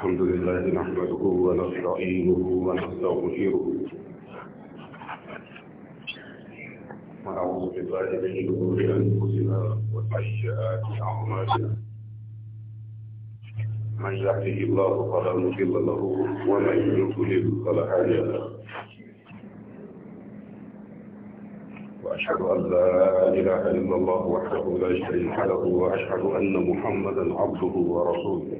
الحمد لله نحمده ونستعينه ونستغفره ونعوذ بالله من شرور انفسنا وسيئات اعمالنا من يهده الله فلا مضل له ومن يضلل فلا هادي له واشهد ان لا اله الا الله وحده لا شريك له واشهد ان محمدا عبده ورسوله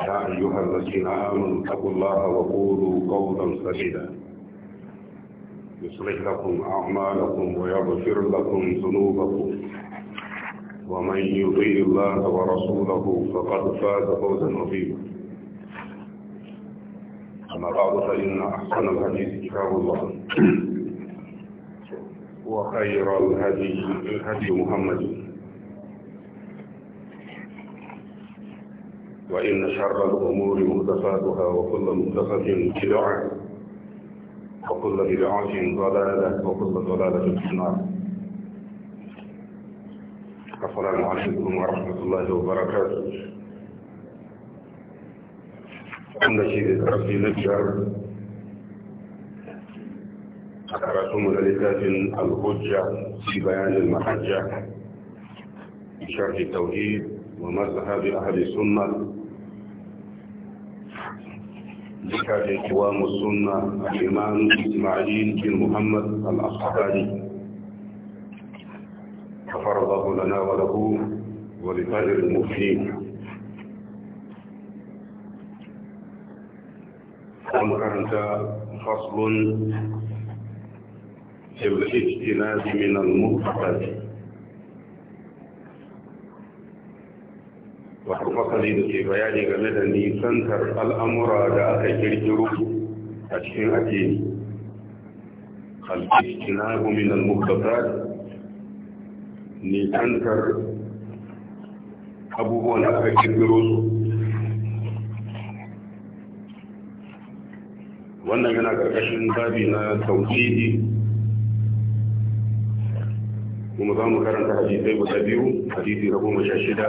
يا أيها الذين آمنوا اتقوا الله وقولوا قولا سديدا يصلح لكم أعمالكم ويغفر لكم ذنوبكم ومن يطيع الله ورسوله فقد فاز فوزا عظيما أما بعد فإن أحسن الحديث كتاب الله وخير الهدي هدي محمد وإن شر الأمور مهدفاتها وكل مهدفة بدعة وكل بدعة ضلالة وكل ضلالة في النار السلام عليكم ورحمة الله وبركاته أنا شيء ذكرتي نجر أكرتم لذات الحجة في بيان المحجة بشرح التوحيد ومذهب أهل السنة لكاد إقوام السنة الإمام إسماعيل بن محمد الأصحابي غفر لنا وله ولسائر المسلمين ومكرنت فصل في الاجتناب من المؤتقد wato fasali da ke bayani game da nisantar al'amura da aka kirkiro a cikin addini al-istinabu min al-mukhtasar nisantar abubuwan da aka kirkiro su wannan yana ƙarƙashin babi na tausidi kuma za mu karanta hadisai guda biyu hadisi da goma sha shida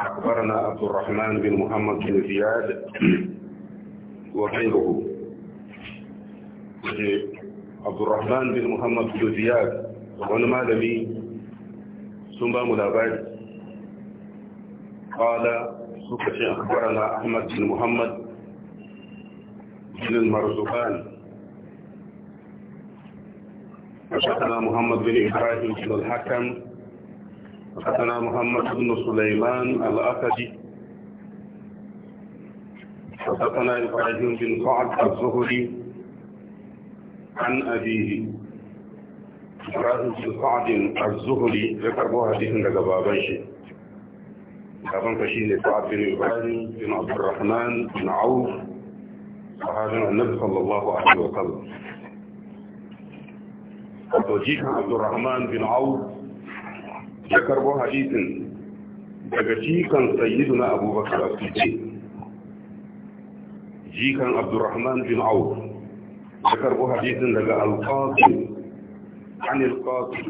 أخبرنا عبد الرحمن بن محمد بن زياد وغيره عبد الرحمن بن محمد بن زياد ما لبي ثم ملابد قال سكت أخبرنا أحمد بن محمد بن المرزوقان حدثنا محمد بن إبراهيم بن الحكم حدثنا محمد بن سليمان الأسدي حدثنا إبراهيم بن صعد الزهري عن أبيه إبراهيم بن صعد الزهري ذكر به حديث عند بابنشي بابنشي سعد بن إبراهيم بن عبد الرحمن بن عوف sahabin annabi sallallahu alaihi wa sallam to jikan abdurrahman bin auf ya karbo hadisin daga jikan sayyiduna abubakar jikan abdurrahman bin ya karbo hadisin daga عن القاسم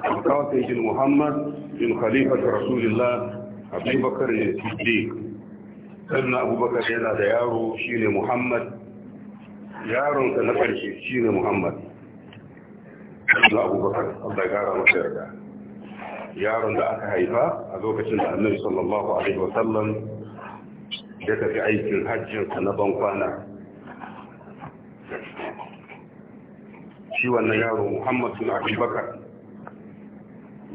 بن محمد بن خليفة رسول الله أبي بكر الصديق أبو بكر يلا شين محمد Yaron ka na karshe shi ne muhammad na abubakar allah ya gara masa yarda yaron da aka haifa a lokacin da annabi sallallahu alaihi wasallam ya tafi aikin hajjinsa na ban kwana, shi wannan yaro muhammad suna abubakar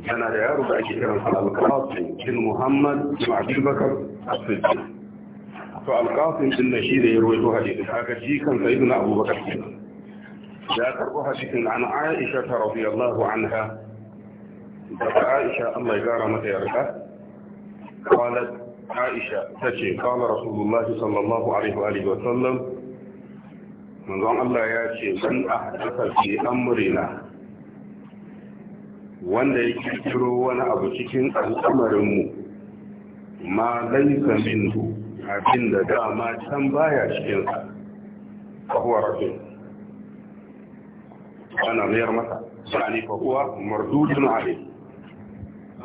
yana da yaro da ake kiran kiransa alkawasu bin muhammad suna abubakar a sujjin to alƙasin din nan shi da ya rawaito hadisin kaga shi kan abu abubakar kenan ya karɓo hadisin an aisha ta radiyallahu anha daga aisha Allah ya gara mata yarda qalat aisha tace qala rasulullahi sallallahu alaihi wa alihi wa sallam manzon Allah ya ce man ahdatha fi amrina wanda ya kirkiro wani abu cikin al'amarinmu ma laisa minhu abin da dama can baya cikinsa fahuwa rafin ana mayar masa sani fahuwa mardudun ale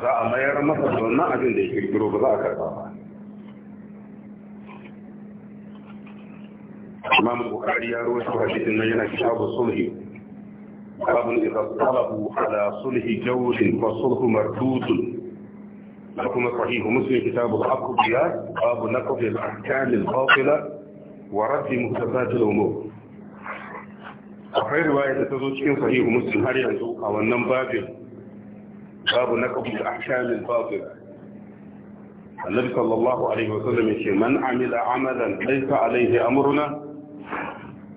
za a mayar masa da wannan abin da ya kirkiro ba za a karba ba imam bukari ya ruwa shi hadisin nan yana kitabu sulhi babun idza talabu ala sulhi jawrin fa sulhu mardudun da kuma sahihu muslim kitabu al-aqdiya babu naqdi al-ahkam al-batila wa radd muhtasat al-umur akwai riwaya da ta zo cikin sahihu muslim har yanzu a wannan babin babu naqdi al-ahkam al-batila annabi sallallahu alaihi man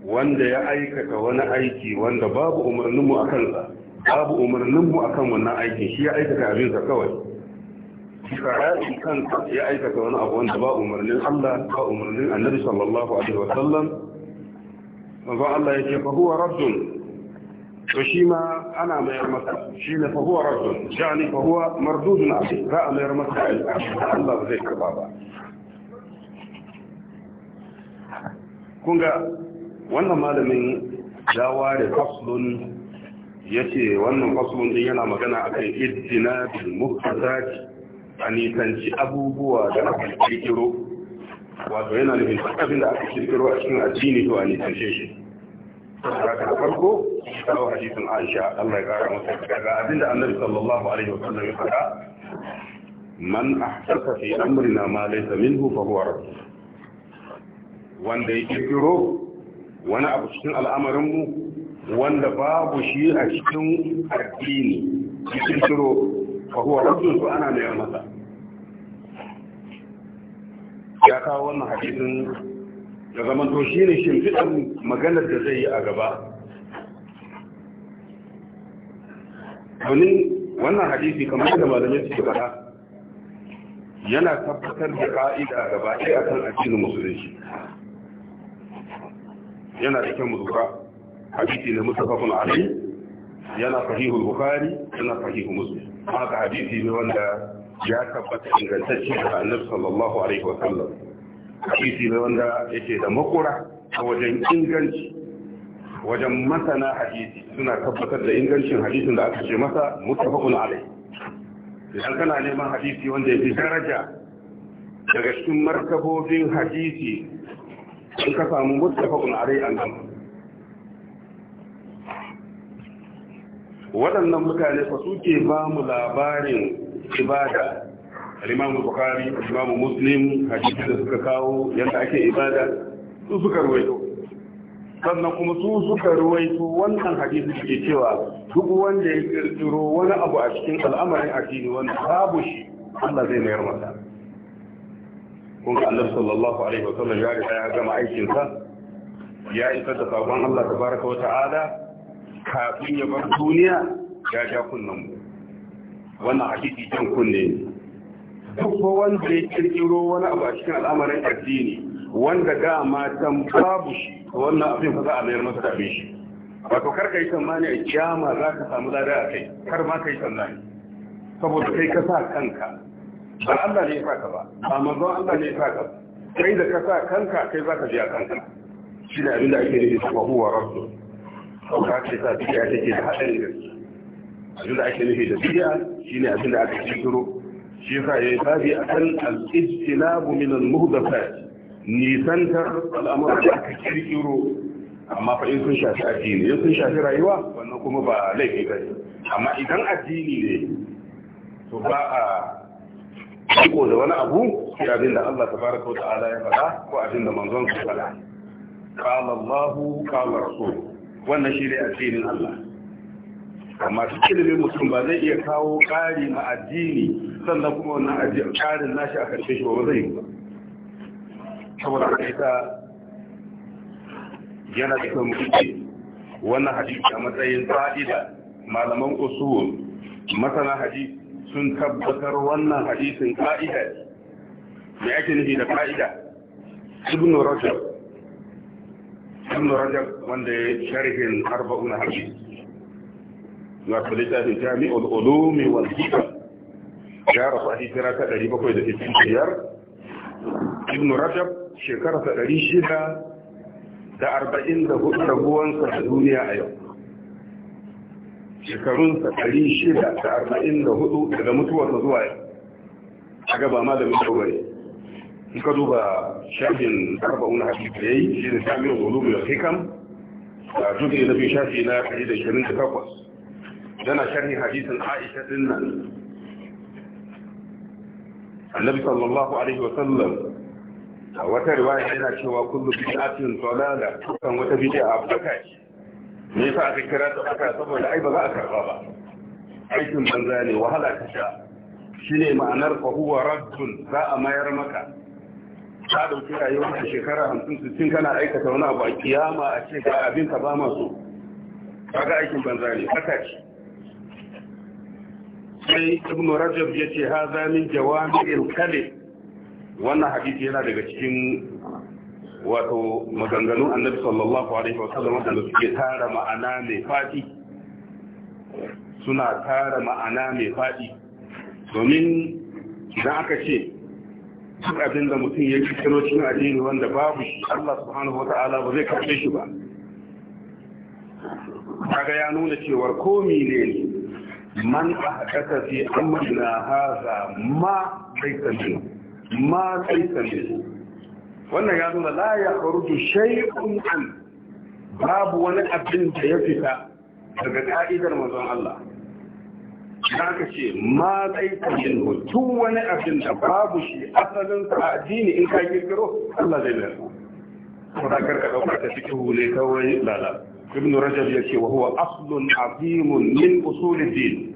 wanda ya aikata wani aiki wanda babu umarninmu a kansa babu umarninmu a kan wannan aikin shi ya aikata abinsa kawai bisa ra'ayi kansa ya aikata wani abu wanda ba umarnin Allah ba umarnin Annabi sallallahu alaihi wa sallam manzo Allah yake fa huwa raddun to shi ma ana mayar masa shi ne fa huwa raddun yani fa huwa mardudun alaihi za a mayar masa Allah ba zai karba ba kun ga wannan malamin ya ware faslun yace wannan faslun din yana magana akan iddina bil muhtadati a nisanci abubuwa da aka kirkiro wato yana nufin abin da aka kirkiro a cikin addini to a nisance shi haka da farko kawo hadisin aisha Allah ya kara masa daga abin da annabi sallallahu alaihi wa sallam ya faɗa man ahdatha fi amrina ma laysa minhu fa huwa rabb wanda ya kirkiro wani abu cikin al'amarin mu wanda babu shi a cikin addini ya kirkiro fa huwa rabb to ana mai masa ya kawo wannan hadisin da zaman to shi ne shimfiɗar maganar da zai yi a gaba domin wannan hadisi kamar da malamin su gaba yana tabbatar da ka'ida gaba ɗaya akan addinin musulunci yana da kyan mutuka hadisi na mustafafin ali yana fahihul bukari yana fahimu muslim haka hadisi ne wanda ya tabbata ingantacce da annabi sallallahu alaihi wa sallam hadisi ne wanda yake da makura a wajen inganci wajen masana hadisi suna tabbatar da ingancin hadisin da aka ce masa mutafakun alai idan kana neman hadisi wanda ya fi daraja daga cikin markabobin hadisi in ka samu mutafakun alai a gama waɗannan mutane fa suke ba mu labarin ibada Alimamu imamu bukhari imamu muslim hadisi da suka kawo yadda ake ibada su suka ruwaito sannan kuma su suka ruwaito wannan hadisi da ke cewa duk wanda ya kirkiro wani abu a cikin al'amarin addini wanda babu shi Allah zai mayar masa kun ga Allah sallallahu alaihi wa sallam ya riga ya gama aikin sa ya isa da sabon Allah tabaraka wa ta'ala kafin ya bar duniya ya ja kunnan wannan hadisi jan kunne ne duk wanda ya kirkiro wani abu a cikin al'amarin addini wanda ga matan babu shi wannan abin fa za a mayar masa abin shi wato kar ka yi tsammani a kiyama za ka samu lada a kai kar ma ka yi tsammani saboda kai ka sa kanka ba Allah ne ya saka ba ba manzon Allah ne ya saka ba kai da ka sa kanka kai za ka biya kanka shi ne abin da ake nufi da huwa rabbu ka ce sa biya take da hadarin gaske abin da ake nufi da biya ne abin da aka kirkiro shi yasa yayi tabi akan al-ijtinabu min al-muhdathat nisantar al'amuran da aka kirkiro amma fa in sun shafi addini in sun shafi rayuwa wannan kuma ba laifi ba ne amma idan addini ne to ba a ko da wani abu sai abin da Allah tabaraka wa ta'ala ya faɗa ko abin da manzon sa faɗa qala Allah qala rasul wannan shi ne addinin Allah amma duk ilimin mutum ba zai iya kawo ƙari ma addini sannan kuma wannan aji a ƙarin nashi a karshe shi ba zai yi ba saboda haka ita yana da kan mutuke wannan hadisi a matsayin fa'ida malaman usul masana hadisi sun tabbatar wannan hadisin fa'ida me ake nufi da fa'ida ibn rajab ibn rajab wanda ya sharhin arba'un hadisi wato littafin jami'ul ulumi wal hikam ya rasu a hijira ta 765 ibn rajab shekara ta 600 da arba'in da hudu raguwansa da duniya a yau shekarunsa ɗari shida da arba'in da hudu daga mutuwarsa zuwa yau a gaba ma da mutu bane in ka duba shafin arba'un hadisi ya yi shi ne samun gulubu da hikam da jude na biyu shafi na ɗari da shirin da takwas yana sharhin hadisin aisha ɗin nan annabi sallallahu alaihi wa sallam a wata riwaya yana cewa kullu bid'atin dalala kan wata bid'a baka ce me yasa aka kira ta baka saboda ai ba za a karba ba aikin banza ne wahala ta sha shine ma'anar fa huwa raddun za a mayar maka ka dauki rayuwar ka shekara 50 60 kana aikata wani abu a kiyama a ce ga abin ka ba masu kaga aikin banza ne haka ce sai ibn rajab ya ce haza min jawami'il kalim wannan hadisi yana daga cikin wato maganganun annabi sallallahu alaihi wa sallam da suke tara ma'ana mai fadi suna tara ma'ana mai fadi domin idan aka ce duk abin da mutum ya kiro cikin addini wanda babu shi Allah subhanahu wa ta'ala ba zai karɓe shi ba kaga ya nuna cewa komi ne ne man ahdaka fi amrina hadha ma laysa ma laysa wannan ya nuna la ya kharuju shay'un an babu wani abin da ya fita daga ka'idar manzon Allah da ka ce ma laysa min wani abin da babu shi asalin a addini in ka girgiro Allah zai bayar ko da karka dauka ta cikin ne kawai lalata ibn rajab ya ce wa huwa aslun azimun min usulid din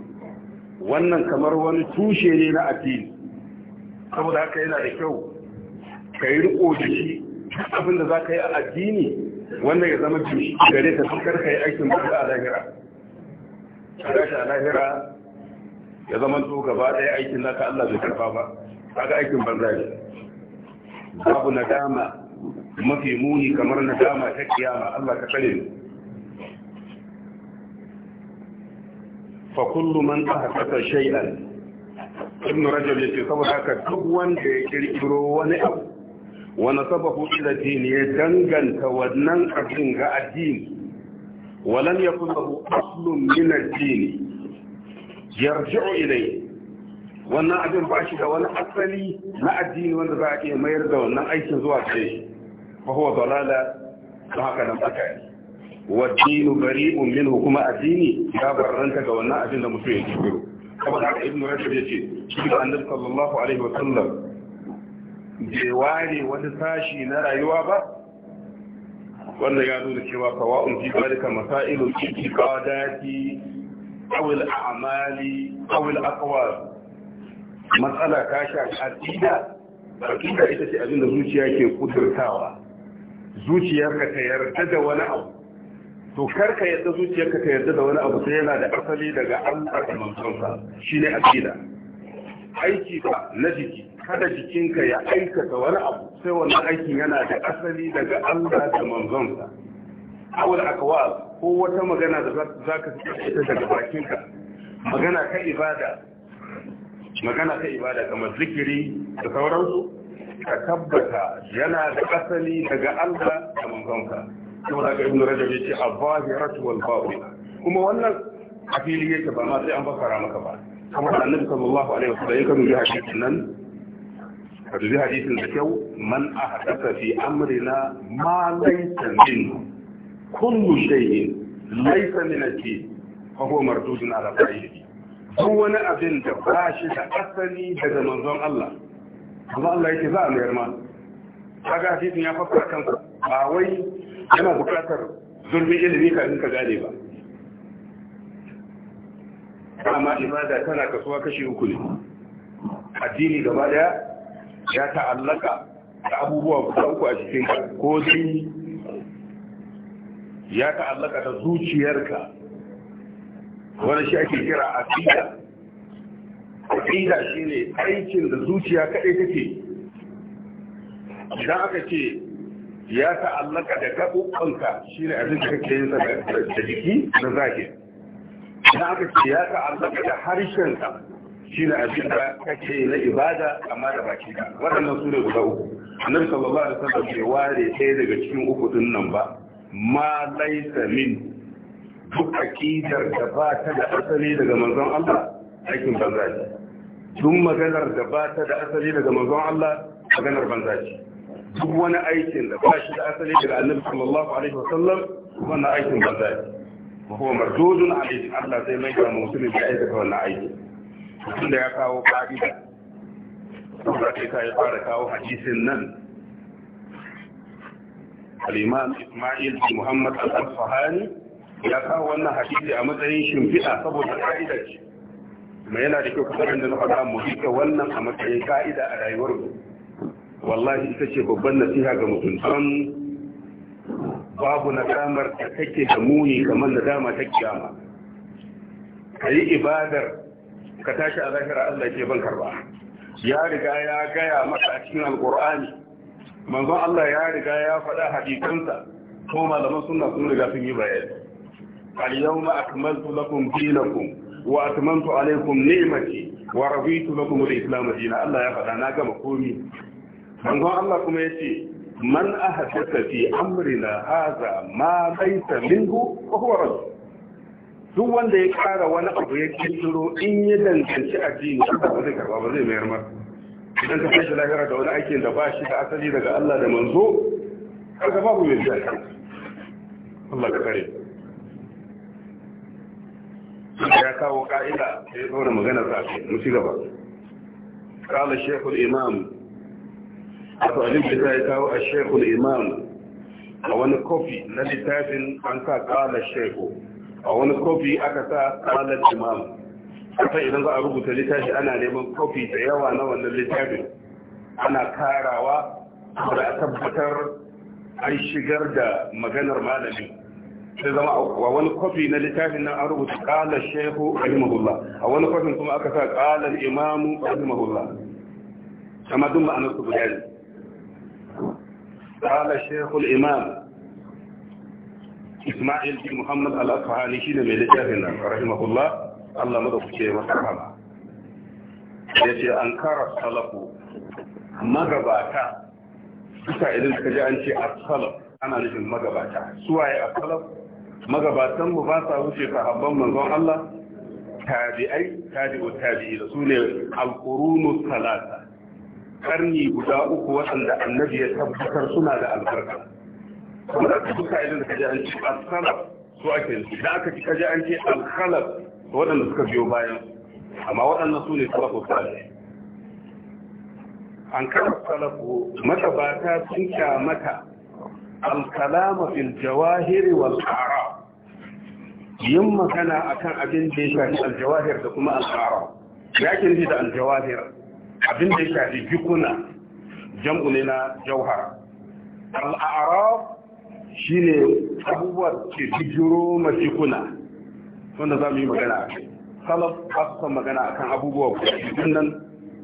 wannan kamar wani tushe ne na addini saboda haka yana da kyau ka yi riko da shi abin da za ka yi a addini wanda ya zama tushe gare ka tukar ka yi aikin ba a lahira gashi a lahira ya zama to gaba ɗaya aikin ka Allah bai karfa ba kaga aikin banza ne babu nadama mafi muni kamar nadama ta kiyama Allah ka tsare mu fa kullu man ahdatha shay'an ibn rajab yace saboda haka duk wanda ya kirkiro wani abu wa nasabahu ila dini ya danganta wannan abin ga addini ولم يكن له أصل من الدين يرجع إليه wannan abin ba shi da wani asali na addini wanda za a iya mayar da wannan aikin zuwa ce ba yi wa dinu bari'un minhu kuma addini ya barranta ga wannan abin da mutum ya kirkiro kamar haka ibnu rajab yace shi da annabi sallallahu alaihi wa sallam bai ware wani sashi na rayuwa ba wannan ya nuna cewa sawa'un fi zalika masailu i'tiqadati aw al-a'mali aw al-aqwal matsala ta shafi aqida aqida ita ce abin da zuciya ke kudurtawa zuciyarka ta yarda da wani abu to karka yadda zuciyarka ka yarda da wani abu sai yana da asali daga Allah da manzonsa shine aqida aiki ka na jiki kada jikinka ya aikata wani abu sai wannan aikin yana da asali daga Allah da manzonsa awal akwal ko wata magana da zaka fita daga bakinka magana ta ibada magana ta ibada kamar zikiri da sauransu ka tabbata yana da asali daga Allah da manzonsa kuma daga ibn rajab yace az-zahiratu wal batina kuma wannan a fili yake ba ma sai an fassara maka ba saboda annabi sallallahu alaihi wasallam mu yi hadisin nan ka dubi hadisin da kyau man ahdatha fi amrina ma laysa minhu kullu shay'in laysa min ad-din fa huwa mardudun ala fa'ihi duk wani abin da ba shi da asali daga manzon Allah manzon Allah yake za a mayar ma kaga hadisin ya fassara kansa ba wai yana bukatar zurfin ilimi kafin ka gane ba amma ibada tana kasuwa kashi uku ne addini gaba daya ya ta'allaka da abubuwa guda uku a cikin ko dini ya ta'allaka da zuciyarka wani shi ake kira aqida shi shine aikin da zuciya kadai take idan aka ce ya ta'allaka da gaɓuɓɓanka shi ne abin da kake yin sa da jiki na zahiri na aka ce ya ta'allaka da harshenka shi ne abin da kake na ibada amma da baki ka waɗannan su ne guda uku annabi sallallahu alaihi wasallam bai ware ɗaya daga cikin uku din nan ba ma laisa min duk akidar da ba ta da asali daga manzon Allah aikin banza ce duk maganar da ba ta da asali daga manzon Allah maganar banza ce duk wani aikin da ba shi da asali daga annabi sallallahu alaihi wasallam wannan aikin ba zai ba huwa mardudun alaihi Allah sai mai ga mutumin da aikata wannan aiki Mutum da ya kawo fa'ida saboda kai ka ya fara kawo hadisin nan al-imam Isma'il bin Muhammad al-Asfahani ya kawo wannan hadisi a matsayin shimfiɗa saboda ka'ida ce kuma yana da kyau kamar da na faɗa mu rike wannan a matsayin ka'ida a rayuwar mu wallahi ita ce babban nasiha ga mutuntan babu nadamar da take da muni kamar nadama ta kiyama ka yi ibadar ka tashi a zahira Allah ke ban karba ya riga ya gaya maka a cikin alkur'ani manzon Allah ya riga ya faɗa hadisansa ko malaman suna sun riga sun yi bayani al-yawma akmaltu lakum dinakum wa atmamtu alaykum ni'mati wa raditu lakum al-islam dinan Allah ya faɗa na gama komi manzon Allah kuma yace man ahdatha fi amrina hadha ma laysa minhu wa huwa rad duk wanda ya kara wani abu ya kirkiro in ya dangance addini ba zai karba ba zai mayar masa idan ka tashi lahira da wani aikin da ba shi da asali daga Allah da manzo har babu mai zai Allah ka kare ya kawo ka'ida sai ya tsora magana sa mu ci gaba قال الشيخ الإمام wato abin da za ya kawo a shekul imam a wani kofi na littafin an sa kala sheku a wani kofi aka sa kala imam kasa idan za a rubuta littafi ana neman kofi da yawa na wannan littafin ana karawa da a tabbatar an shigar da maganar malamin sai zama a wani kofi na littafin nan an rubuta kala shehu rahimahullah a wani kofin kuma aka sa kala imamu rahimahullah Sama duk ma'anar su guda ne قال الشيخ الإمام إسماعيل بن محمد الأصفهاني شين من الجاهلنا رحمه الله الله مدفع مسرحمة يتي أنكر السلف مغباتا suka idan suka ji an ce asalaf ana nufin magabata suwaye asalaf magabatan mu ba sa wuce sahabban manzon Allah tabi'ai tabi'u tabi'i da su ne karni guda uku waɗanda annabi ya tabbatar suna da albarka Kuma ka duka idan ka ji an ce as-salaf su ake yi idan aka ji kaji an ce al-khalaf waɗanda suka biyo bayan amma waɗannan su ne salafu salih an kama salafu ta sun mata, al-kalama fil jawahiri wal ara yin magana akan abin da ya shafi al-jawahir da kuma al ara ya kin da al-jawahir abin da ya shafi jikuna jam'u ne na jauhar. al'araf shi ne abubuwa ke bijiro ma jikuna wanda za mu yi magana a kai salaf ba su san magana a kan abubuwa kusurkun nan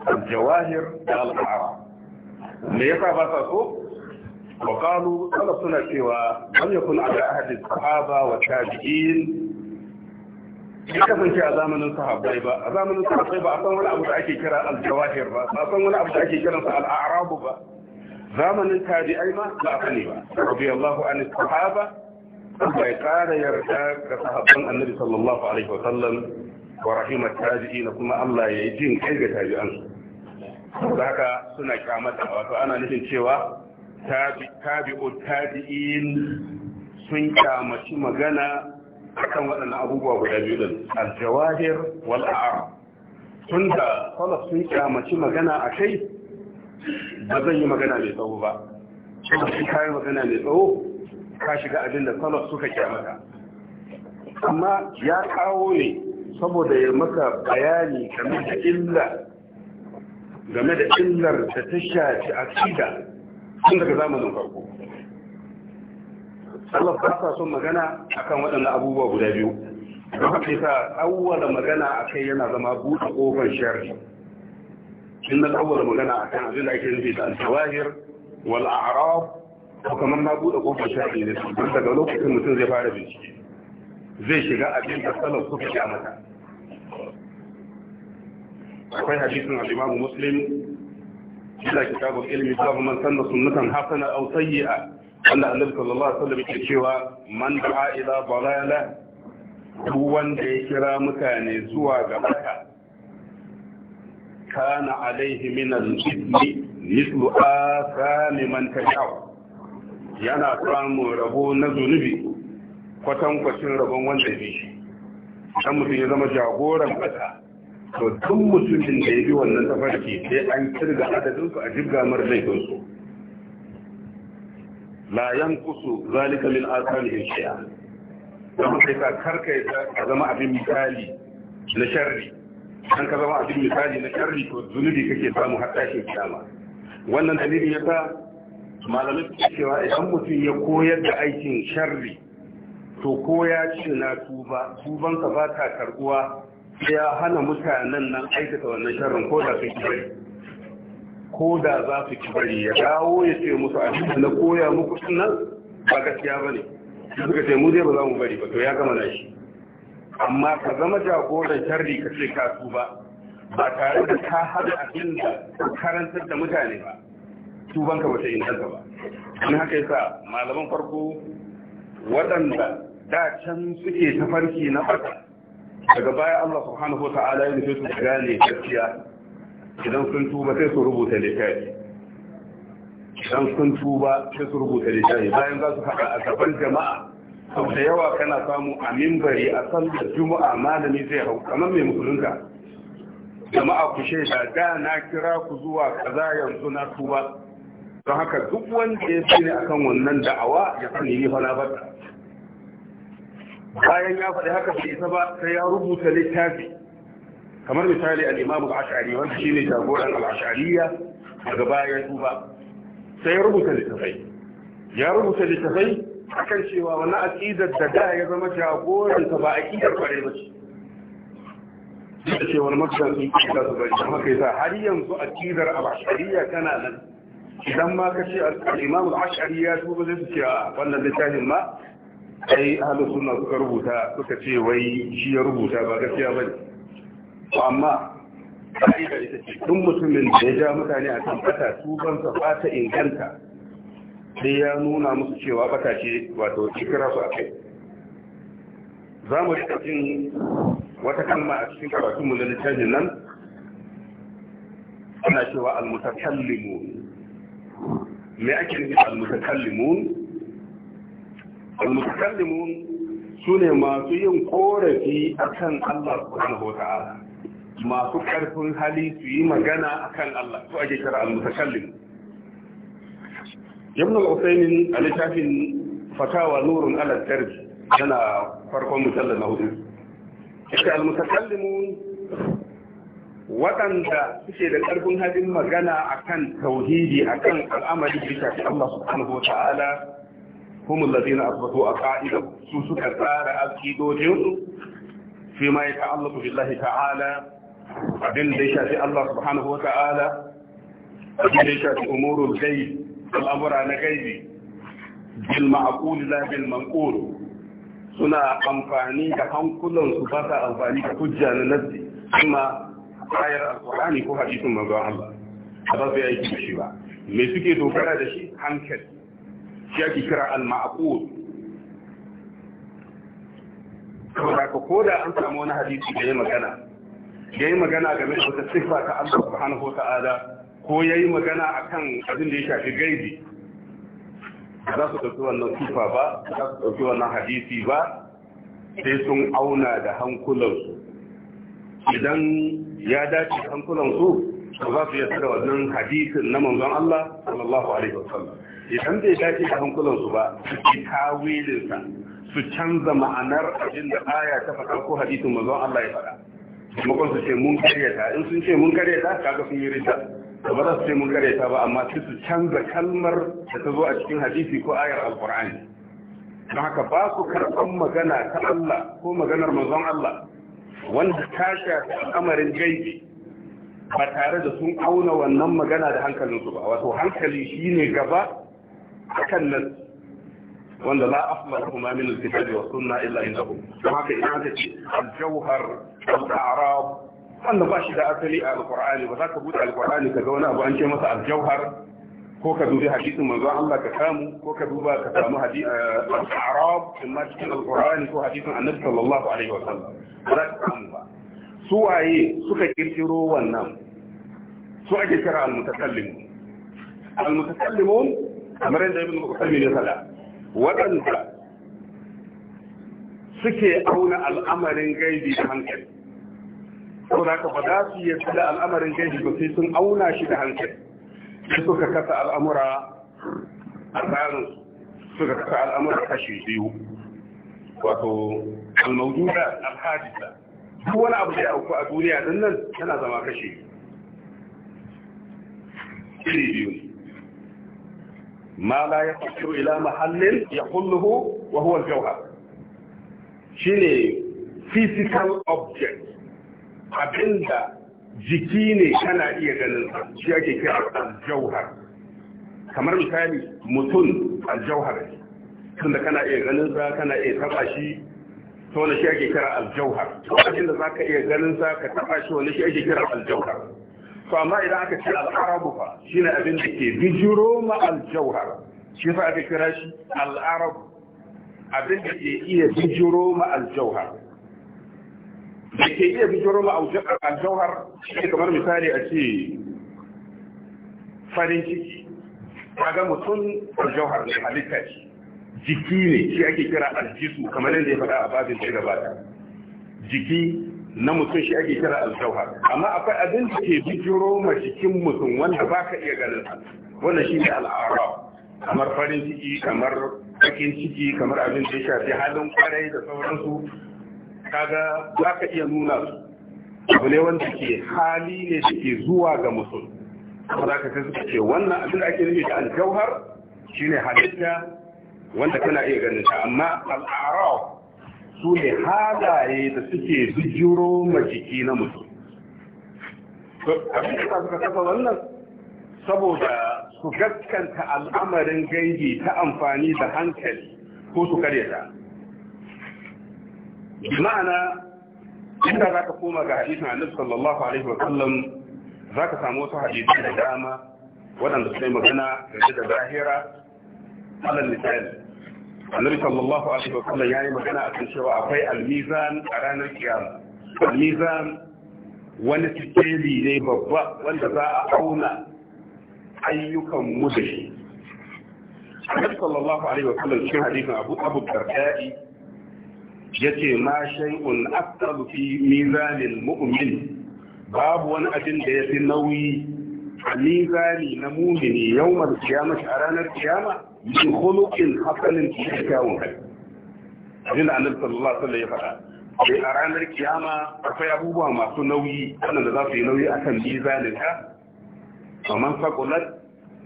aljawahir da al'araf me yasa ba sa so وقالوا suna cewa سوى لم يكن على أهل الصحابة والتابعين bai kasance a zamanin sahabbai ba a zamanin sahabbai ba a san wani abu da ake kira al ba ba a san wani abu da ake kiransa al-a'rabu ba zamanin tabi'ai ma ba a sani ba radiyallahu anhu sahaba Allah ya ƙara yarda ga sahabban annabi sallallahu alaihi wa sallam wa rahimar tabi'ina kuma Allah ya yi jin kai ga tabi'an Da haka suna kyamata wato ana nufin cewa tabi'u tabi'in sun kyamaci magana akan waɗannan abubuwa guda biyu din aljawahir wal a'am tun da salaf sun kyamaci magana a kai ba zan yi magana mai tsawo ba kuma sun kayan magana mai tsawo ka shiga abin da salaf suka kyamata amma ya kawo ne saboda ya maka bayani game da illa game da illar da ta shafi akida tun daga zamanin farko Allah ba sa son magana akan waɗannan abubuwa guda biyu don haka yasa awwala magana akai yana zama buɗe ƙofar shari? in na awwala magana akan abin da ake nufi da al-jawahir wal a'rab ko kamar ma buɗe ƙofar shari ne don daga lokacin mutum zai fara bincike zai shiga abin da salaf suka sha mata akwai hadisin al-Imam Muslim ila kitabul ilmi babu man sanna sunnatan hasana aw sayyi'a wanda annabi sallallahu alaihi wasallam yake cewa man da'a ila balala duk wanda ya kira mutane zuwa ga baka kana alaihi min al-ithmi mithlu asan man tabi'ahu yana samun rabo na zunubi kwatankwacin rabon wanda ya dan mutum ya zama jagoran bata to duk mutumin da ya bi wannan tafarki sai an kirga adadinsu a jibgamar laifinsu la yanqusu zalika min asani shay'a don sai ka karkai ka zama abin misali na sharri an ka zama abin misali na sharri to zunubi kake samu har tashin kiyama wannan dalilin yasa malamai suke cewa idan mutum ya koyar da aikin sharri to ko ya ce na tuba tubanka ba ta karbuwa ya hana mutanen nan aikata wannan sharrin ko da kai ko da za su ci bari ya dawo ya ce musu abin da na koya muku nan ba gaskiya ba ne suka ce mu zai ba za mu bari ba to ya gama na shi amma ka zama jagoran sharri ka ce ka su ba tare da ka haɗa abin da karantar da mutane ba tuban ka bata inganta ba don haka yasa malaman farko waɗanda da can suke tafarki na ɓata daga baya Allah subhanahu wa ta'ala ya nufi su gane gaskiya idan sun tuba sai su rubuta littafi idan sun tuba sai su rubuta littafi bayan za su haɗa a gaban jama'a sau da yawa kana samu a mimbari a da juma'a malami zai hau kamar mai musulunta jama'a ku shaida da na kira ku zuwa kaza yanzu na tuba don haka duk wanda ya fi ne akan wannan da'awa ya sani ni fana ba bayan ya faɗi haka bai isa ba sai ya rubuta littafi kamar misali al-imam al-ash'ari wanda shine jagoran al-ash'ariyya daga bayan tuba sai rubuta littafai ya rubuta littafai kan cewa wani aqidar da da ya zama jagoran ta ba aqidar kware ba ce da ce wani maksan sun kuka su bari amma kai sa har yanzu aqidar al-ash'ariyya tana nan idan ma ka ce al-imam al-ash'ari ya ba zai su ce wannan littafin ma ai ahlus sunna suka rubuta suka ce wai shi ya rubuta ba gaskiya ba ne. amma ka'ida ita ce tun mutumin da ya ja mutane a kan bata tubansa ba ta inganta sai ya nuna musu cewa bata ce wato cikira su a kai za mu rika jin wata kalma a cikin karatunmu na littafin nan ana cewa almutakallimun me ake nufi almutakallimun almutakallimun su ne masu yin korafi akan Allah subhanahu wa ta'ala masu ƙarfin hali su yi magana akan Allah su ake kira al-mutakallim ibn al-usaymin a littafin fatawa nurun ala tarbi yana farkon mujallal na hudu ita al-mutakallimun waɗanda suke da ƙarfin halin magana akan tauhidi akan al'amari bisa ga Allah subhanahu wa ta'ala هم الذين أثبتوا أقائد سوسك الثار أكيدوجهم فيما يتعلق بالله ta'ala. abin da ya shafi Allah subhanahu wa ta'ala abin da ya shafi umurul gai al'amura na gaibi bil ma'qul la bil manqul suna amfani da hankulan su ba sa amfani da hujja na nassi kuma ayar alqur'ani ko hadisin manzon Allah ba su aiki da shi ba me suke dogara da shi hankali shi ake kira al ma'qul saboda ko da an samu wani hadisi da ya magana ya yi magana game da wata ta Allah subhanahu wa ta'ala ko ya yi magana a kan abin da ya shafi gaibi za su ɗauki wannan sifa ba za su ɗauki wannan hadisi ba sai sun auna da hankulansu idan ya dace hankulansu to za su yi da wannan hadisin na manzon Allah sallallahu alaihi wasallam idan bai dace da hankulansu ba su tawilinsa su canza ma'anar abin da aya ta faɗa ko hadisin manzon Allah ya faɗa maimakon su ce mun karyata in sun ce mun karyata kaga sun yi rita ba za su ce mun karyata ba amma su canza kalmar da ta zo a cikin hadisi ko ayar alqur'ani don haka ba su karɓar magana ta Allah ko maganar manzon Allah wanda ta shafi al'amarin gaibi ba tare da sun auna wannan magana da hankalinsu ba wato hankali shine gaba akan nan wanda la afmal kuma min alkitabi wa sunna illa indahu don haka idan ka ce aljawhar al-a'rab wanda ba shi da asali a alqur'ani ba za ka bude alqur'ani ka ga wani abu an ce masa Aljauhar. ko ka dubi hadisin manzo Allah ka samu ko ka duba ka samu hadisi eh, al-a'rab amma cikin alqur'ani ko hadisin annabi sallallahu alaihi wa sallam ba za ka samu ba su waye suka kirkiro wannan su ake kira al-mutakallim al-mutakallimun kamar yadda ibn Qasim ya faɗa waɗanda suke auna al'amarin gaibi da hankali da ka ba za su yi da al'amarin gaibi ba sai sun auna shi da hankali sai suka kasa al'amura a tsarin suka kasa al'amura kashi biyu wato al-mawjuda al-hadisa duk wani abu da ya auku a duniya din nan tana zama kashi biyu ne ما لا يقصر ila محل يحله وهو الجوهر al-jawhar physical object abinda jiki ne kana iya ganin sa shi ake kira الجوهر kamar misali mutum tunda kana iya ganin sa kana iya taba shi to wani shi ake kira al-jawhar abinda zaka iya ganin sa ka taba shi wani shi ake kira aljauhar. to amma idan aka ce al'arabu fa shine abin da ke bijiro ma al-jawhar shi fa aka kira shi al'arabu abin da ke iya bijiro ma al-jawhar da ke iya bijiro ma al-jawhar shi kamar misali a ce farin ciki kaga mutum al-jawhar ne halitta ce jiki ne shi ake kira al-jisu kamar yadda ya faɗa a babin da ya gabata jiki na mutum shi ake kira aljauhar amma akwai abin da ke bijiro ma cikin mutum wanda ba ka iya ganin sa wannan shi ne al'arab kamar farin ciki kamar cikin ciki kamar abin da ya shafi halin kwarai da sauransu kaga za ka iya nuna su abu ne wanda ke hali ne da ke zuwa ga mutum za ka suka ce wannan abin da ake nufi da aljauhar shine halitta wanda kana iya ganin ta amma al'arab su ne halaye da suke bijiro ma jiki na mutum abin da suka kafa wannan saboda su gaskanta al'amarin gangi ta amfani da hankali ko su karyata ma'ana inda za ka koma ga hadisin annabi sallallahu alaihi wa za ka samu wasu hadisi da dama waɗanda su magana game da zahira alal misali annabi sallallahu alaihi wasallam yayi magana akan cewa akwai almizan a ranar kiyama almizan wani sikeli ne babba wanda za a auna ayyukan mu da shi annabi sallallahu alaihi wasallam cikin hadisin abu abu dardai yace ma shay'un afdalu fi mizanil mu'min babu wani abin da yafi nauyi a mizani na mumini yawmal kiyama a ranar kiyama min khuluqin hasanin kyawun hali abinda annabi sallallahu alaihi wasallam ya faɗa sai a ranar kiyama akwai abubuwa masu nauyi da za su yi nauyi akan mizanin ka man sakulat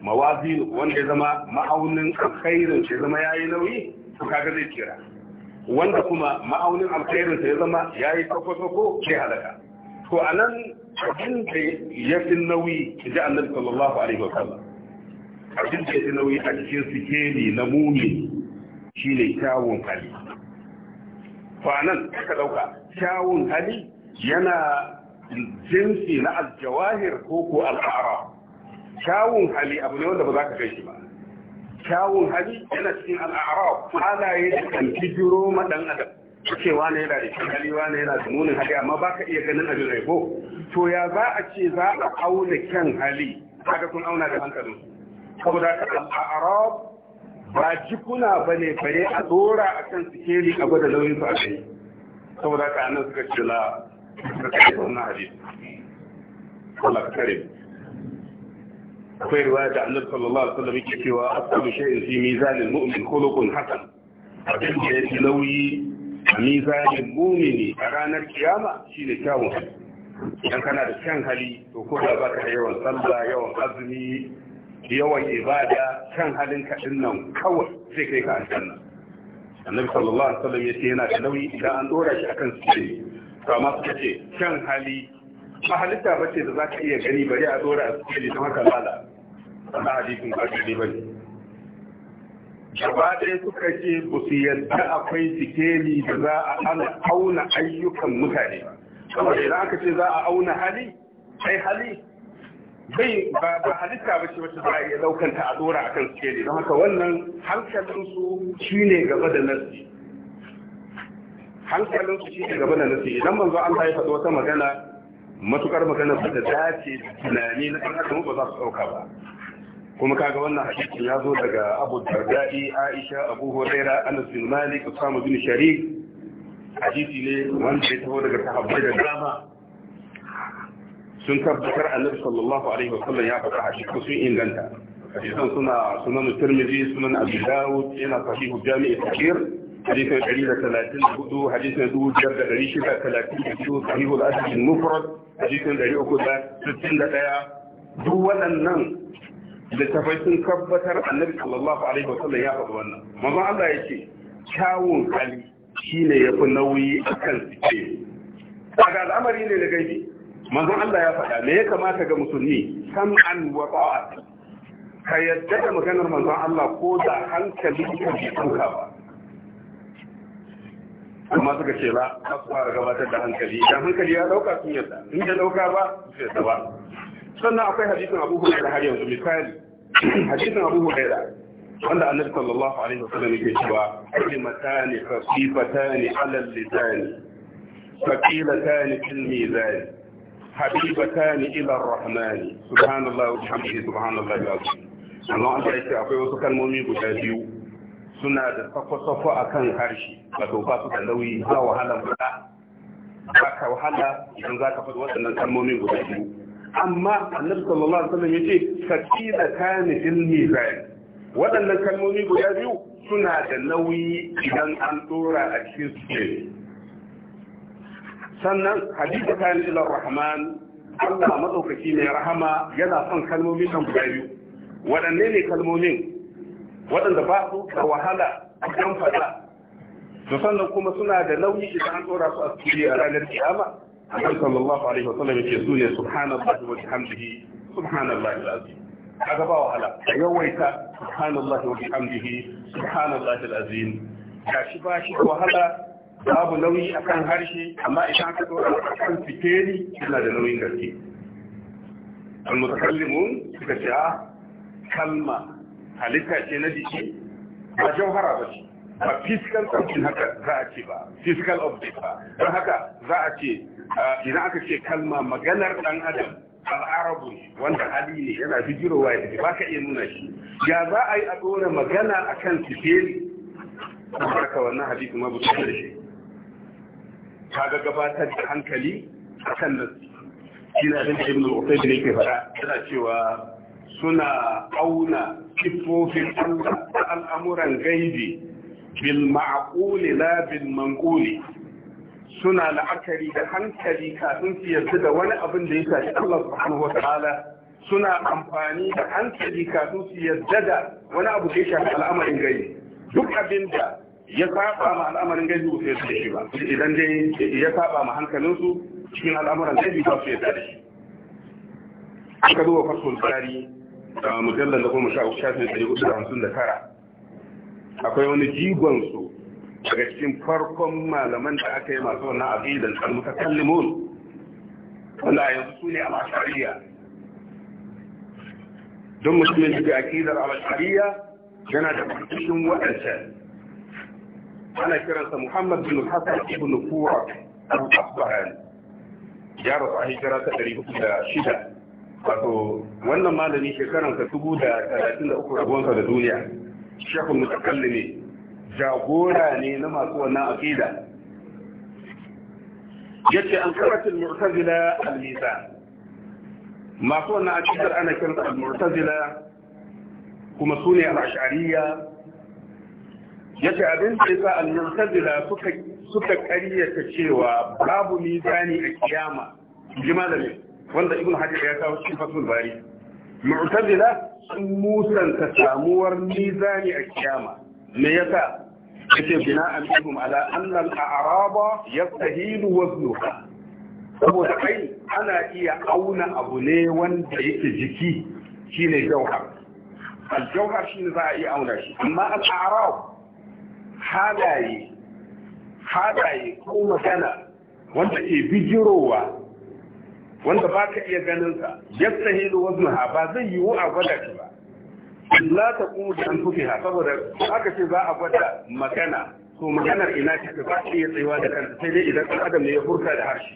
mawazin wanda ya zama ma'aunin alkhairin sai zama yayi nauyi to kaga zai kira wanda kuma ma'aunin alkhairin sai zama yayi kokoko sako sai halaka to anan abin da ya fi nauyi ji annabi sallallahu alaihi wasallam abin da ya nauyi a cikin ne na shi ne kyawun hali fanan ka dauka kyawun hali yana jinsi na aljawahir ko ko al'ara kyawun hali abu ne wanda ba za ka kai shi ba kyawun hali yana cikin al'ara yi da kan kijiro madan adam ce, wani yana da cikin hali wane yana da munin hali amma ba ka iya ganin abin rai ko to ya za a ce za a auna kyan hali kaga sun auna da hankalin saboda ka al'arab ba jikuna ba ne bare a tsora a kan sikeli a gwada nauyin su a kai saboda ka anan suka ce la suka kai wannan hadisi Allah ka akwai riwaya da annabi sallallahu alaihi wasallam yake cewa asalu shay'in fi mizanil mu'min khuluqun hasan abin da yake nauyi a mizanin mumini a ranar kiyama shine kyawun idan kana da kyan hali to ko da baka da yawan sallah yawan azumi yawan ibada kan halin kaɗin nan kawai zai kai ka aljanna annabi sallallahu alaihi wasallam yace yana da nauyi idan an dora shi akan sirri to amma suka ce kan hali ba halitta bace da zaka iya gani bari a dora a sirri don haka lala wannan hadisin ba shi bane gaba ɗaya suka ce ba su yadda akwai sikeli da za a auna ayyukan mutane saboda idan aka ce za a auna hali sai hali bai ba ba halitta ba shi wacce za a iya daukanta a dora akan ne don haka wannan hankalinsu shine gaba da nasi hankalinsu shine gaba da nasi idan manzo Allah ya faɗi wata magana matukar magana ba ta dace tunani na ɗan adam ba za su ɗauka ba kuma kaga wannan hadisin ya zo daga Abu Darda'i Aisha Abu Hurairah Anas bin Malik Usama bin Sharik hadisi ne wanda ya taho daga sahabbai da dama sun tabbatar annabi sallallahu alaihi wa sallam ya faɗa a cikin sun inganta hadisan suna sunan tirmidhi sunan abi dawud yana sahihu jami'i kabir hadisan 134 hadisan 2632 sahihu al-adab al-mufrad hadisan ɗaya. duk waɗannan littafai sun tabbatar annabi sallallahu alaihi wa sallam ya faɗa wannan manzon Allah ya ce kyawun hali shine yafi nauyi akan sike kaga al'amari ne da gaibi manzon Allah ya faɗa me ya kamata ga musulmi an wa ta'at ka yadda da maganar manzon Allah ko da hankali ka bi kanka ba amma suka ce ba za su fara gabatar da hankali dan hankali ya dauka sun yadda in ya dauka ba sai yadda ba sannan akwai hadisin Abu Hurairah har yanzu misali hadisin Abu Hurairah wanda annabi sallallahu alaihi wasallam yake cewa kalimatani khafifatan ala al-lisan faqilatani fil mizan habibatani ila rahmani subhanallahi wa bihamdihi subhanallahi alazim Allah an ce akwai wasu kalmomi guda biyu suna da safo-safo a kan harshe wato ba su da nauyi ba wahala guda ba ka wahala idan za ka faɗi waɗannan kalmomi guda biyu amma annabi sallallahu alaihi wasallam yace sakina kana fil mizan waɗannan kalmomi guda biyu suna da nauyi idan an dora a cikin su sannan hadisi kan ila rahman Allah madaukaki mai rahama yana son kalmomin nan guda biyu waɗanne ne kalmomin waɗanda ba su da wahala a kan fada to sannan kuma suna da nauyi idan an tsora su a cikin ranar kiyama annabi sallallahu alaihi wa sallam yake su ne subhanallahi wa bihamdihi subhanallahi alazim kaga ba wahala yawaita subhanallahi wa bihamdihi subhanallahi alazim shi ba shi wahala babu nauyi a kan harshe amma isa ka a kan sikeri yana da nauyin gaske almutakallimun suka ce a ah, kalma halitta ce na jiki ba jauhara ba ce ba fiskal ɗaukin haka za a ce ba fiskal object ba don haka za a ce ah, idan aka ce kalma maganar ɗan adam al'arabu ne wanda hali ne yana bijirowa ya ba ka iya nuna shi ya za a yi a ɗora magana a kan akan sikeri barka wannan hadisi ma bu da shi kaga gabatar da hankali a kan nasi shi na da ibn al-usaid ne ke fara yana cewa suna auna kifofin Allah da al'amuran gaibi bil ma'quli la bil manquli suna la'akari da hankali kafin su yarda da wani abin da ya shafi Allah subhanahu wataala suna amfani da hankali kafin su yarda da wani abu da ya shafi al'amarin gaibi duk abin da ya saba ma al'amarin gaibi ba su yadda shi ba idan dai ya saba ma hankalinsu cikin al'amuran gaibi ba su yadda da shi aka duba fasul tsari a mujallar da kuma shafi shafi da ɗari hudu da hamsin da tara akwai wani jigonsu daga cikin farkon malaman da aka yi masu wannan aqidan al-mutakallimun wanda a yanzu sune a mashariya don mutumin da aqidar al-ashariya yana da cikin waɗancan ana kiransa Muhammad bin Hassan ibn Fura al-Asbahani ya rasu a hijira ta 406 wato wannan malami shekaransa 1033 rabuwansa da duniya shekul mutakallimi jagora ne na masu wannan aqida yace an karatu al-mu'tazila al-lisan masu wannan aqidar ana kiransa al-mu'tazila kuma sune al-ash'ariyya yace abin da yasa al-mu'tazila suka suka ƙaryata cewa babu mizani a kiyama ji malami wanda ibn hajar ya kawo shi fasul bari mu'tazila sun musanta samuwar mizani a kiyama me yasa yace bina'an bihum ala anna al-a'raba yastahilu waznuha saboda kai ana iya auna abu ne wanda yake jiki shine jauhar al-jauhar shine za a iya auna shi amma al-a'rab halaye halaye ko magana wanda ke bijirowa wanda ba ka iya ganinsa yadda hilu wasu ba zai yiwu a gwada shi ba la ta kuma da anfufi ha saboda aka ce za a gwada magana to maganar ina ce ba ka iya tsayuwa da kanta sai dai idan ɗan adam ne ya furta da harshe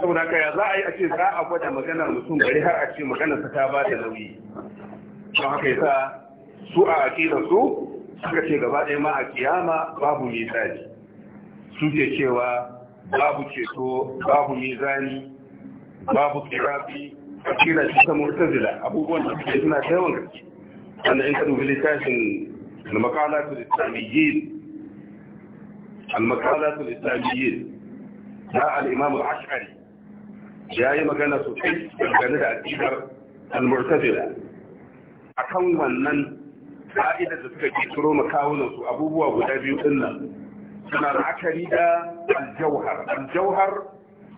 saboda haka ya za a yi a ce za a gwada maganar mutum bari har a ce maganarsa ta ba da nauyi don haka yasa su a aƙidar su suka ce gaba ɗaya ma a kiyama babu mizani suke cewa babu ceto babu mizani babu kirafi a kira shi ta murtazila abubuwan da suke suna da yawan gaske wanda in ka dubi littafin al-maqalatul islamiyyin al-maqalatul islamiyyin na al-imam al-ash'ari yayi magana sosai dangane da aqidar al-murtazila akan wannan ka'idar da suka kituro makawunan su abubuwa guda biyu din nan suna la'akari da aljauhar aljauhar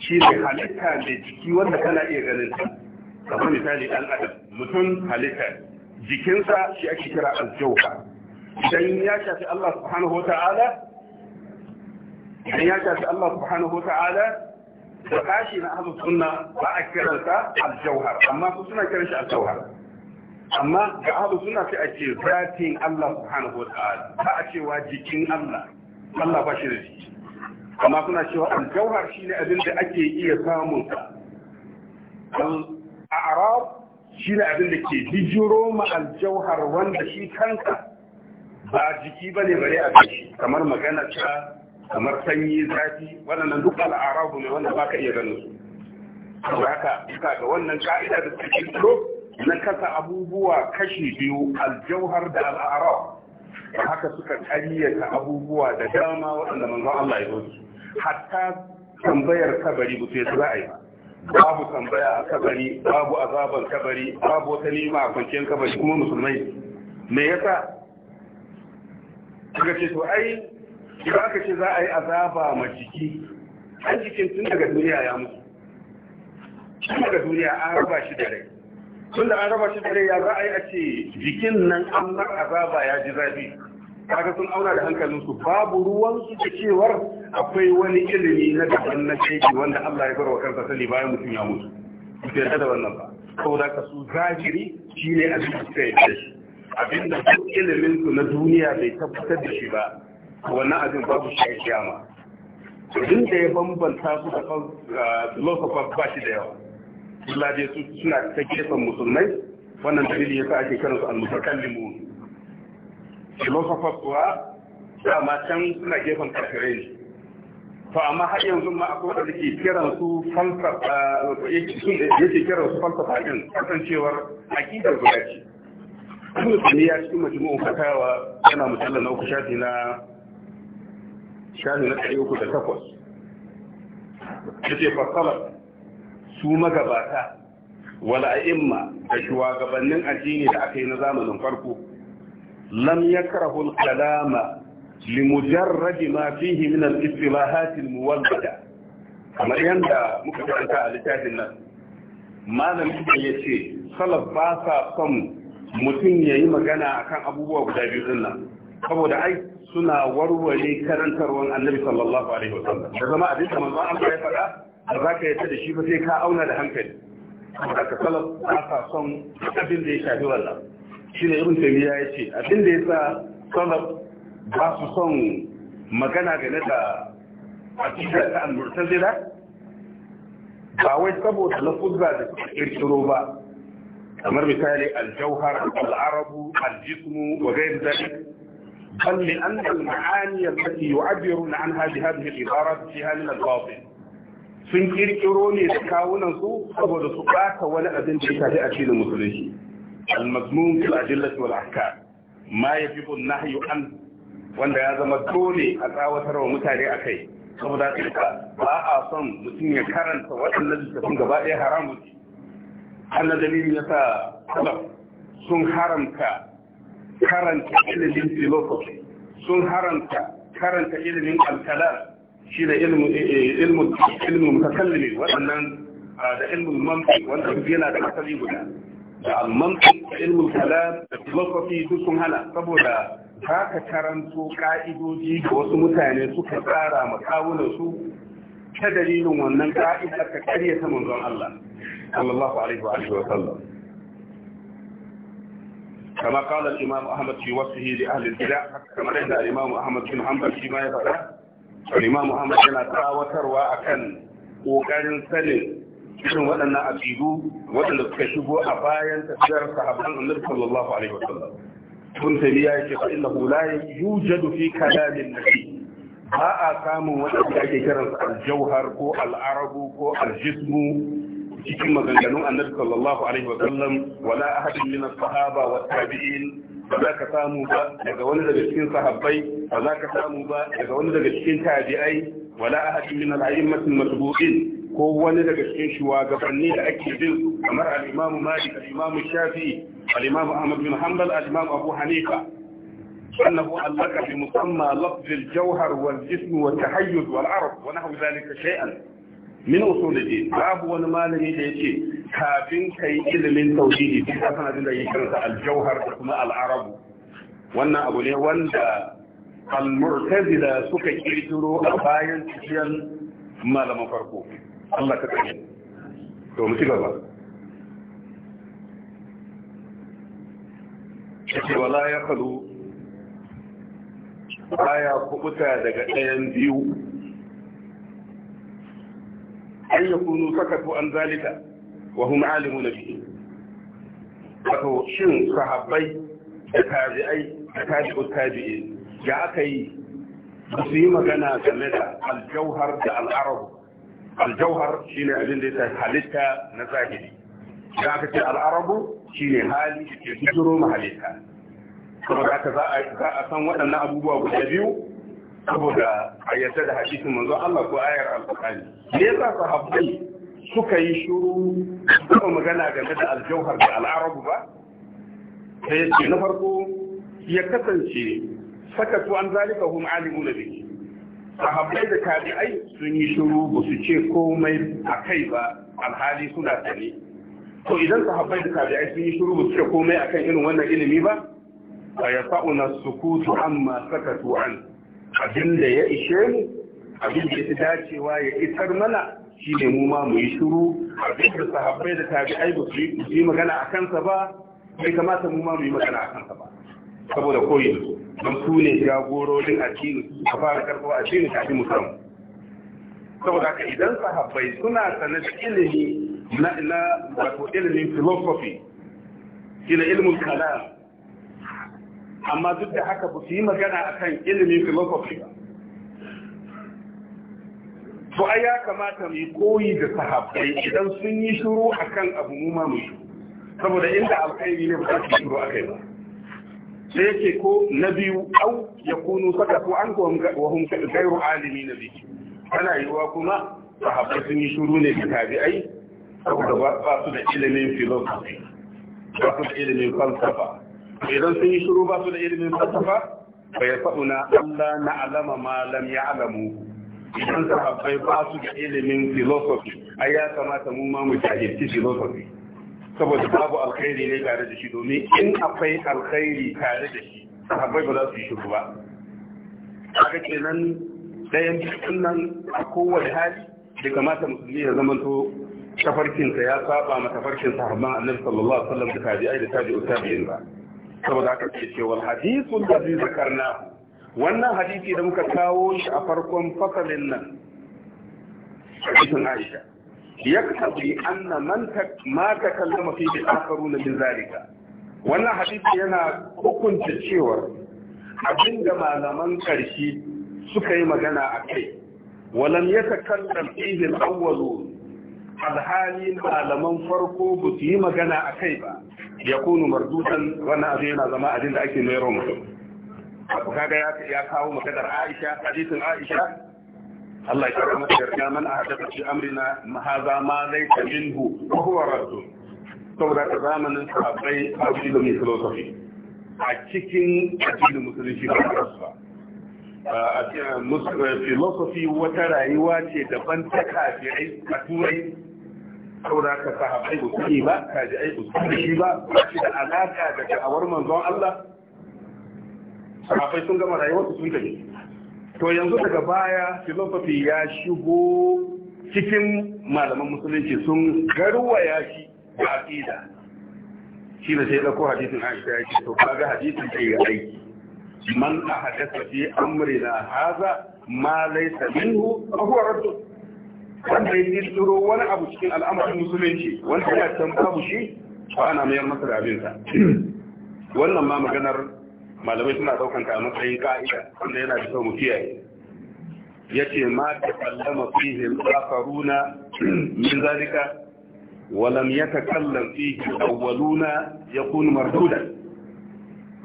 shi ne halitta mai jiki wanda kana iya ganin ta kamar misali dan adam mutum halitta jikinsa shi ake kira aljauhar idan ya shafi Allah subhanahu wa idan ya shafi Allah subhanahu wa da kashi na ahlus sunna ba a kiransa aljauhar amma su suna kiran shi aljauhar amma ga abu suna sai a ce zatin Allah subhanahu wata'ala ba a cewa jikin Allah Allah ba shi da jiki amma suna cewa aljauhar shine abin da ake iya samun sa al-a'rab shine abin da ke bijiro ma aljauhar wanda shi kanka ba jiki bane bare a shi kamar magana ta kamar sanyi zafi wannan duk al-a'rab ne wanda baka iya ganin su haka ga wannan ka'ida da take na kasa abubuwa kashi biyu aljauhar da al'arab haka suka ta abubuwa da dama waɗanda manzon Allah ya zoci hatta tambayar kabari ba sai za a yi babu tambaya a kabari babu azaban kabari babu wata nima a kwanciyar kabari kuma musulmai me yasa daga ce to ai idan aka ce za a yi azaba ma jiki an jikin tun daga duniya ya mutu tun daga duniya an raba shi da rai tunda an raba shi dare ya za a yi a ce jikin nan an azaba ya ji zafi kaga sun auna da hankalin su babu ruwan su da cewar akwai wani ilimi na daban na sheki wanda Allah ya wa kansa sani bayan mutum ya mutu Su ya da wannan ba da ka su zahiri shine a cikin suka yi shi abinda duk ilimin su na duniya bai tabbatar da shi ba wannan abin babu shi a kiyama to da ya bambanta su da ah, philosophers ba shi da yawa illa dai suna ta gefen musulmai wannan dalili yasa ake kiransu al-mutakallimun philosophers kuwa dama can suna gefen kafirai ne to amma har yanzu ma akwai wanda ke kiran su falsafa yake kiran su falsafa din kasancewar aqidar guda ce Ibn Taymiyyah cikin majmu'u fatawa yana mujallal na uku shafi na shafi na 308 yace fasala su magabata wala'imma da shugabannin addini da aka yi na zamanin farko lam yakrahu al-kalama limujarrad ma fihi min al-istilahat al kamar yanda muka karanta a littafin nan malamin ya ce salaf ba sa son mutum yayi magana kan abubuwa guda biyu din nan saboda ai suna warware karantarwan annabi sallallahu alaihi wasallam da zama abin da manzon Allah ya faɗa ba za ka yadda da shi ba sai ka auna da hankali da ka salaf ba sa son abin da ya shafi wannan shi ne irin taimiyya ya ce abin da ya sa salaf ba su son magana game da akidar ta al-murtazila ba wai saboda na lafuzza da suka kirkiro ba kamar misali al-jawhar al-arabu al-jismu wa ghayr dhalik بل لأن المعاني التي يعبرون عنها بهذه العبارات فيها من الباطل sun kirkiro ne da kawunan su saboda su ɓata wani abin da ya shafi addinin musulunci al-mazmun fil adillati wal ahkam ma yajibu an-nahyu an wanda ya zama dole a tsawatar wa mutane akai saboda haka ba a son mutum ya karanta waɗannan littafin gaba ɗaya haramu ne annan dalilin sa salaf sun haramta karanta ilimin philosophy sun haramta karanta ilimin al shi da ilmin mutakallimi waɗannan da ilmin mamfi wanda yana da asali guda da almamfi da ilmin kalam da filosofi duk sun hana saboda za ka karanto ka'idoji da wasu mutane suka tsara makawunansu ta dalilin wannan ka'ida ka karya ta manzon Allah sallallahu alaihi wa alihi wa sallam كما قال الإمام أحمد في وصفه لأهل البدع كما عند الإمام أحمد بن حنبل فيما يفعله Imam Muhammad yana tsawatarwa kan kokarin sanin irin waɗannan abibu waɗanda suka shigo a bayan tafiyar sahabban Annabi sallallahu alaihi Tun Ibn Taymiyyah yake fa innahu la yujadu fi kalamin nabi. Ba a samun waɗanda ake kiransu al-jauhar ko al-arabu ko al-jismu cikin maganganun Annabi sallallahu alaihi wasallam wala ahadin min as-sahaba wa tabi'in ba za ka samu ba daga wani daga cikin sahabbai ba za ka samu ba daga wani daga cikin tabi'ai wala ahadin min al-a'immatil masbuqin ko wani daga cikin shugabanni da ake bin kamar al-Imam Malik al-Imam Shafi'i al-Imam Ahmad bin Hanbal al-Imam Abu Hanifa annahu allaka bi musamma lafz al-jawhar wal jism wa tahayyuz wal arab wa nahwu dhalika shay'an min usuluddin babu wani malami da yake kafin kai ilimin tauhidi duk ka sanar da yake karanta al jawhar da kuma al-arab wannan abu ne wanda al-mu'tazila suka kirkiro a bayan cikin malaman farko Allah ka kare to mu ci gaba Shi wala ya kalu ya kubuta daga ɗayan biyu an yakunu sakatu an zalika wa hum alimuna wato shin sahabbai da tabi'ai da tabi'u tabi'i ya aka yi su yi magana game da aljauhar da al'arabu aljauhar shine abin da ya halitta na zahiri da aka ce al'arabu shine hali da ke bijiro ma halitta kuma za a san waɗannan abubuwa guda biyu saboda a yarda da hadisin manzo Allah ko ayar alƙur'ani me yasa sahabbai suka yi shuru suka magana game da aljauhar da al'arabu ba sai ce na farko ya kasance sakatu an zalika hum alimuna bihi sahabbai da tabi'ai sun yi shuru ba su ce komai a kai ba alhali suna sani to idan sahabbai da tabi'ai sun yi shuru ba su ce komai akan irin wannan ilimi ba fa yasa'una sukutu amma sakatu an abin da ya ishe mu abin da ya dacewa ya isar mana shi ne mu ma mu yi shuru abin da sahabbai da tabi'ai ba su yi magana a kansa ba bai kamata mu ma mu yi magana a kansa ba saboda koyi don su ne jagororin addini a fara karɓo addini kafin mu samu saboda ka idan sahabbai suna sanar ilimi na wato ilimin philosophy ila ilimin kalam amma duk da haka ba su yi magana akan ilimin filosofi ba to ai ya kamata mu yi koyi da sahabbai idan sun yi a akan abu mu ma mu saboda inda alkhairi ne ba su a kai ba sai yake ko na biyu au ya kunu saka ko an ko wahun gairu alimi na biyu ana wa kuma sahabbai sun yi shuru ne da tabi'ai saboda ba su da ilimin filosofi, ba su da ilimin falsafa idan sun yi shiru ba su da ilimin falsafa bai na Allah na alama ma lam ya alamu idan sahabbai ba su da ilimin philosophy ai ya kamata mu ma mu jahilci philosophy saboda babu alkhairi ne tare da shi domin in akwai alkhairi tare da shi sahabbai ba za su yi shiru ba kaga kenan dayan cikin nan a kowane hali da kamata musulmi ya zamanto tafarkinsa ya saba ma tafarkin sahabban annabi sallallahu alaihi wasallam da tabi'ai da tabi'u tabi'in ba saboda haka ce cewa hadisun da zai zakarna wannan hadisi da muka kawo shi a farkon fasalin nan hadisin Aisha yaktabi anna man ma takallama fi al na bin zalika wannan hadisi yana hukunta cewa abin da malaman karshe suka yi magana a kai walam yatakallam fihi al-awwalun alhali malaman farko ba su yi magana a kai ba ya kunu mardutan wannan abin yana zama abin da ake mayarwa mutum abu kaga ya kawo makadar aisha hadisin aisha Allah ya kara mata yarda man a hadasa fi amrina mahaza ma laita minhu wa huwa raddu saboda ta zamanin sahabbai a cikin mai filosofi a cikin addinin musulunci ba ba filosofi wata rayuwa ce daban ta kafirai a turai saboda ka sahabbai ba su ba kaji ai ba su ba ba shi da alaka da da'awar manzon Allah sahabbai sun gama rayuwar su sun tafi to yanzu daga baya filosofi ya shigo cikin malaman musulunci sun garwaya shi da aqida shi ne sai dauko hadisin Aisha ya ce to kaga hadisin sai ya aiki man ahadatha fi amrina hadha ma laysa minhu fa huwa raddun wanda ya kirkiro wani abu cikin al'amarin musulunci wanda ya san babu shi to ana mayar masa da abinsa wannan ma maganar malamai suna daukan ka a matsayin ka'ida wanda yana da kyau mu kiyaye yace ma takallama fihi al-akharuna min zalika wa lam yatakallam fihi al-awwaluna yakun mardudan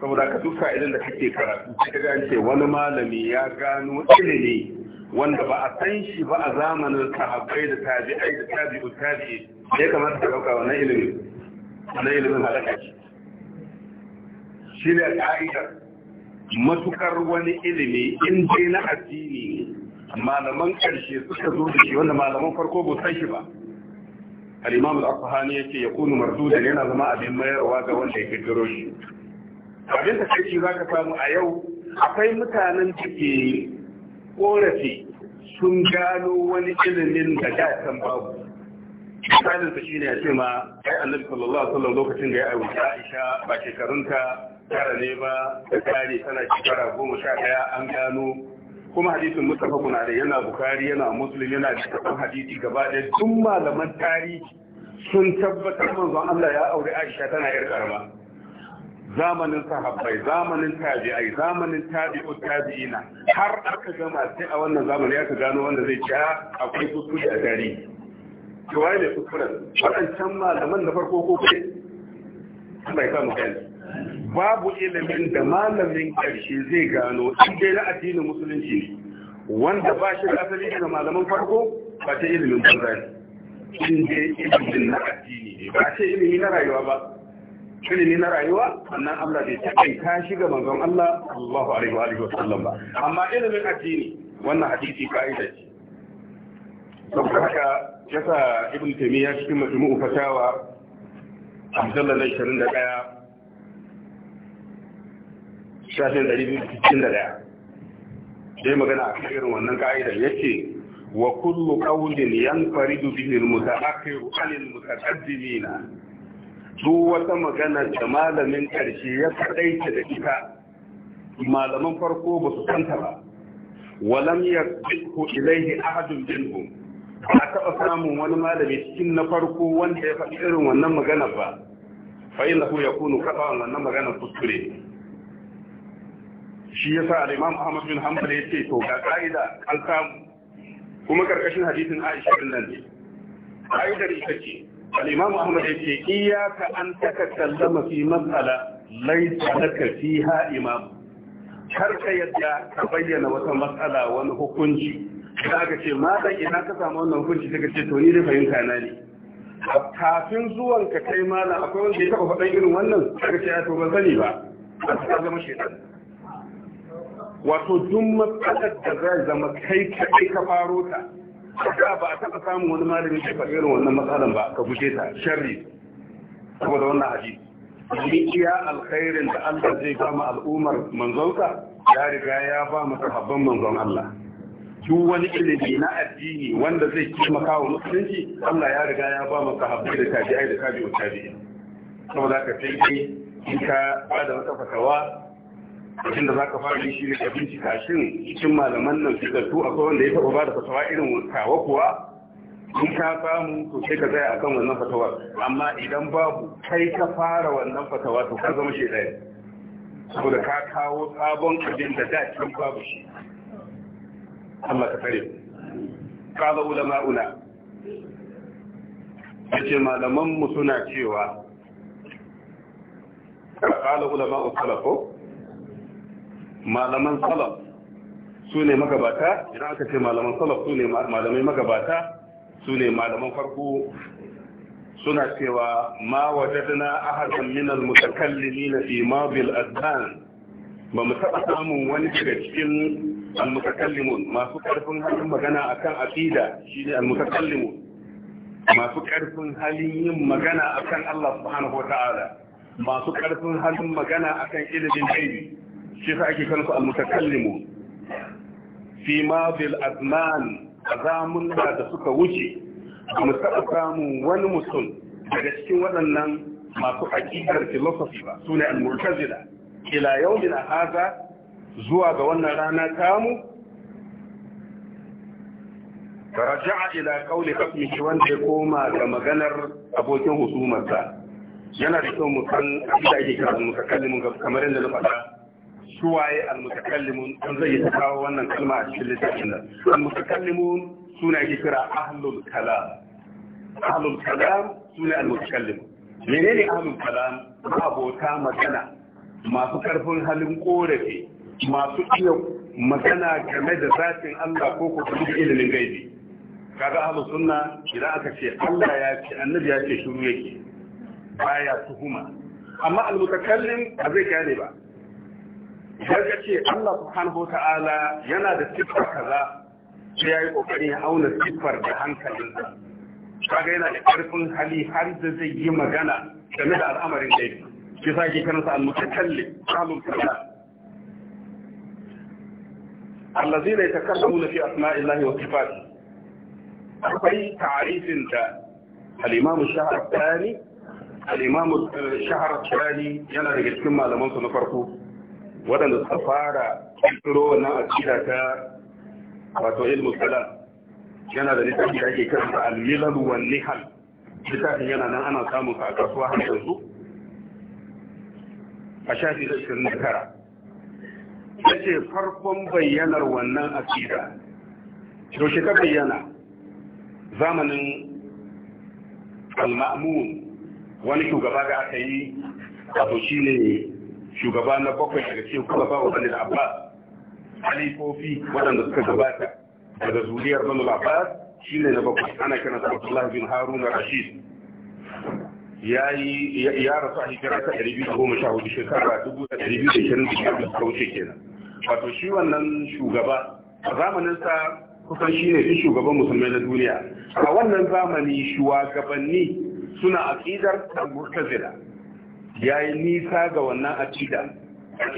saboda ka duka idan da kake karatu kaga an ce wani malami ya gano ilimi wanda ba a san shi ba a zamanin sahabbai da tabi'ai da tabi'u tabi'i ya kamata ka dauka wannan ilimin wannan ilimin halaka shi shi ne ka'idar matukar wani ilimi in dai na addini malaman karshe suka zo da shi wanda malaman farko ba san shi ba al-imam al-asfahani yace yakunu mardudan yana zama abin mayarwa ga wanda ya kirkiro shi abin da kake zaka samu a yau akwai mutanen da ke korafi sun gano wani ilimin da da san babu misalin su shine ya ce ma ai annabi sallallahu alaihi wasallam lokacin da ya aiwata Aisha ba shekarun shekarunta tara ne ba da kare tana shekara goma sha ɗaya an gano kuma hadisin Mustafa kuna yana Bukhari yana Muslim yana cikin hadisi gaba ɗaya tun malaman tarihi sun tabbatar manzon Allah ya aure Aisha tana yar karama zamanin sahabbai zamanin tabi'ai zamanin tabi'u tabi'ina har aka gama sai a wannan zamani aka gano wanda zai ci ah, akwai kuskure a gari ki waye ne kuskuren waɗancan malaman da farko ko kai Allah ya samu gani babu ilimin da malamin karshe zai gano in dai na addinin musulunci wanda ba shi da asali daga malaman farko ba ta ilimin banza ne in dai ilimin na addini ne ba ta ilimi na rayuwa ba ne na rayuwa annan Allah bai kai ka shiga manzon Allah sallallahu alaihi wa alihi wasallam ba amma ilimin addini wannan hadisi ka'ida ce saboda haka yasa ibn taymiya cikin majmu'u fatawa Abdullah na 21 shafin 261 dai magana a kan irin wannan ka'idar yace wa kullu qawlin yanfaridu bihi al-muta'akhiru 'ala al-mutaqaddimina duk wata magana da malamin ƙarshe ya kaɗaita da ita malaman farko ba su santa ba walam ya ko ilaihi ahadun minhum ba taɓa samun wani malami cikin na farko wanda ya faɗi irin wannan magana ba fa ya yakunu qata'an wannan magana kuskure shi ya sa al'imam Ahmad bin Hanbal ya ce to ga ƙa'ida an samu kuma ƙarƙashin hadisin Aisha bin nan ne ƙa'idar ita ce al-imam ahmad yace iyyaka an takallama fi mas'ala laysa laka fiha imam kar ka yadda ka bayyana wata mas'ala wani hukunci kaga ce ma ina ka samu wannan hukunci daga ce to fahimta na ne kafin zuwan ka kai malam akwai wanda ya taba faɗan irin wannan kaga ce to ban sani ba a ta zama shedan wato duk matsalar da zai zama kai kai ka faro ta da ba a taɓa samun wani malami da faɗi irin wannan matsalan ba ka guje ta sharri saboda wannan hadisi domin iya alkhairin da Allah zai ba mu al'ummar manzonsa ya riga ya ba mu sahabban manzon Allah duk wani ilimi na addini wanda zai taimaka wa musulunci Allah ya riga ya ba mu sahabbai da tabi'ai da tabi'u tabi'i saboda ka sai dai in ka ba da wata fatawa abin da za ka fara shi ne ka bincika ne cikin malaman nan fitattu akwai wanda ya taɓa ba da fatawa irin kawo kuwa in ka samu to sai ka tsaya akan wannan fatawa amma idan babu kai ka fara wannan fatawa to ka zama shi ɗaya saboda ka kawo sabon abin da da can babu shi Amma ka tsare qala ulama'una yace malaman mu suna cewa qala ulama'u ko? malaman salaf su ne magabata idan aka ce malaman salaf su ne malamai magabata su ne malaman farko suna cewa ma wajadna ahadan min al-mutakallimin fi mabil adhan ba mu taɓa samun wani daga cikin al masu karfin halin magana akan aqida shine al-mutakallimun masu karfin halin yin magana akan Allah subhanahu wa ta'ala masu karfin halin magana akan ilimin gaibi shi sa ake kansu almutakallimu fi bil azman azamun da suka wuce mu taɓa samun wani mutum daga cikin waɗannan masu aƙidar filosofi ba su ne almutazila ila yau min haza zuwa ga wannan rana kamu? raja'a ila qawli hukmihi wanda ya koma ga maganar abokin husumarsa yana da kyau mu san abin da ake kira mutakallimin kamar yadda na faɗa suwaye almutakallimun don zai yi kawo wannan kalma a cikin littafin nan almutakallimun suna yake kira ahlul kalam ahlul kalam suna almutakallimun menene ahlul kalam abota magana masu karfin halin korafi masu iya magana game da zatin Allah ko ko duk ilimin gaibi kaga ahlus sunna idan aka ce Allah ya ce annabi ya ce shiru yake baya tuhuma amma almutakallim ba zai gane ba idan ka ce Allah subhanahu ta'ala yana da siffar kaza sai ya yi kokarin ya auna siffar da hankalinsa kaga yana da karfin hali har da zai yi magana game da al'amarin da yake shi sa ke karanta al-mutakallim kamun kaza الذين يتكلمون في أسماء الله وصفاته أي تعريف ده الإمام الشهر الثاني الإمام الشهر الثاني يلا نجد كما na farko. waɗanda suka fara kirkiro wannan akida ta wato ilmu salam yana da littafi da ake kiransa al-milal wa nihal littafin yana nan ana samun sa a kasuwa har yanzu a shafi da Ya ce farkon bayyanar wannan akida yaushe ka bayyana zamanin al-ma'mun wani shugaba da aka yi shi ne? shugaba na bakwai daga cikin kuma ba wani abbas halifofi waɗanda suka gabata daga zuriyar banu abbas shine na bakwai ana kiran sa abdullahi bin haruna rashid ya rasu a hijira ta 214 shekara 2025 da suka wuce kenan wato shi wannan shugaba a zamanin sa kusan shine shi shugaban musulmai na duniya a wannan zamani shugabanni suna aqidar al-mu'tazila ya yi nisa ga wannan akida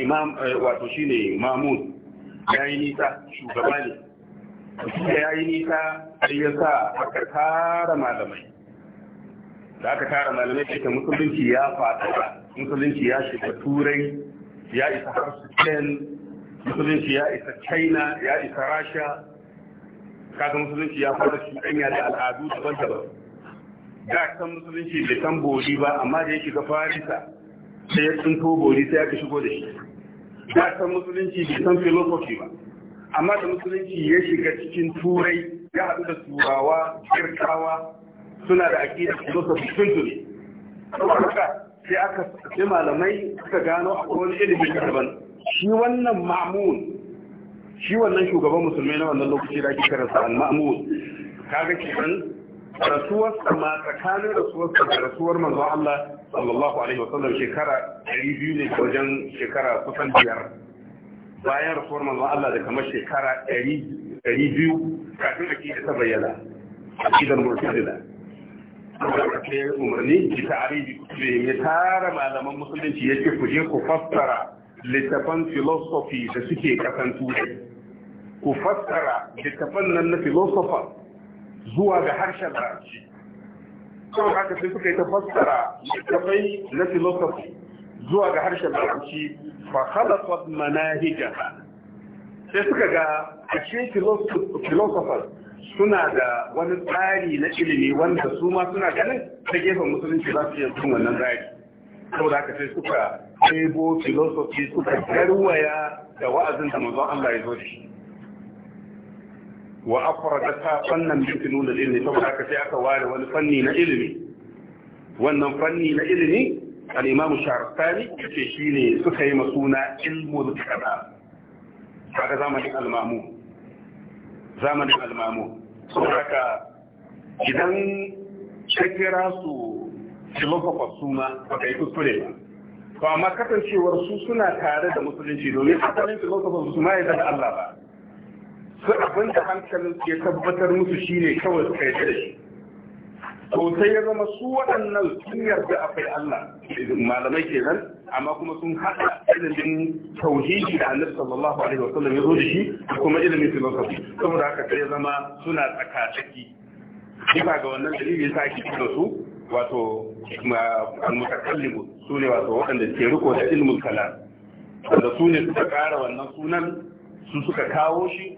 imam eh, wato shine mamun ya yi nisa shugaba ne da ya yi nisa sai ya sa aka tara malamai da aka tara malamai cikin musulunci ya fata musulunci ya shiga turai ya isa har musulunci ya isa china ya isa rasha kaga musulunci ya fara shi cuɗanya da al'adu daban-daban da kan musulunci bai san boli ba amma da ya shiga farisa sai ya tsinto bori sai aka shigo da shi ya san musulunci bai san filosofi ba amma da musulunci ya shiga cikin turai ya haɗu da turawa kirkawa suna da aƙidar filosofi sun tuni sai aka sai malamai suka gano a wani ilimin karban shi wannan ma'amun shi wannan shugaban musulmai na wannan lokaci da ake karanta al mamun kaga kenan rasuwar ma tsakanin rasuwarsa da rasuwar manzo Allah sallallahu alaihi wa wasallam shekara ɗari biyu ne wajen shekara kusan biyar bayan rasuwar manzon Allah da kamar shekara ɗari biyu kafin da ta bayyana akidan murtadila sai umarni ki ta'arifi kutubihim ya tara malaman musulunci ya ce ku je ku fassara littafan philosophy da suke kasan turai ku fassara littafan nan na philosopher zuwa ga harshen larabci saboda haka sai suka yi ta fassara na filosofi zuwa ga harshen larabci fa khalaqat manahija sai suka ga ashe philosophers suna da wani tsari na ilimi wanda su ma suna ganin ta gefen musulunci za su iya cin wannan tsari saboda haka sai suka ɗebo filosofi suka garwaya da wa'azin da manzon Allah ya zo shi wa afradata fannan min fununul ilmi saboda haka sai aka ware wani fanni na ilimi wannan fanni na ilimi al-imam sharqani yace shine suka yi masuna ilmul kalam kaga zamanin al-mamu zamanin al-mamu saboda haka idan ka kira su philosophers suma baka yi kuskure ba to amma kasancewar su suna tare da musulunci domin asalin philosophers su ma yadda da Allah ba su abin da hankalin ke tabbatar musu shine kawai su kai da shi to sai ya zama su waɗannan sun yarda akwai Allah malamai kenan amma kuma sun haɗa ilimin tauhidi da annabi sallallahu alaihi wa sallam ya zo da shi da kuma ilimin filosofi saboda haka sai ya zama suna tsaka-tsaki bisa ga wannan dalili sa ake kira su wato al-mutakallimu sune wato waɗanda ke riko da ilmul kalam da su ne suka ƙara wannan sunan su suka kawo shi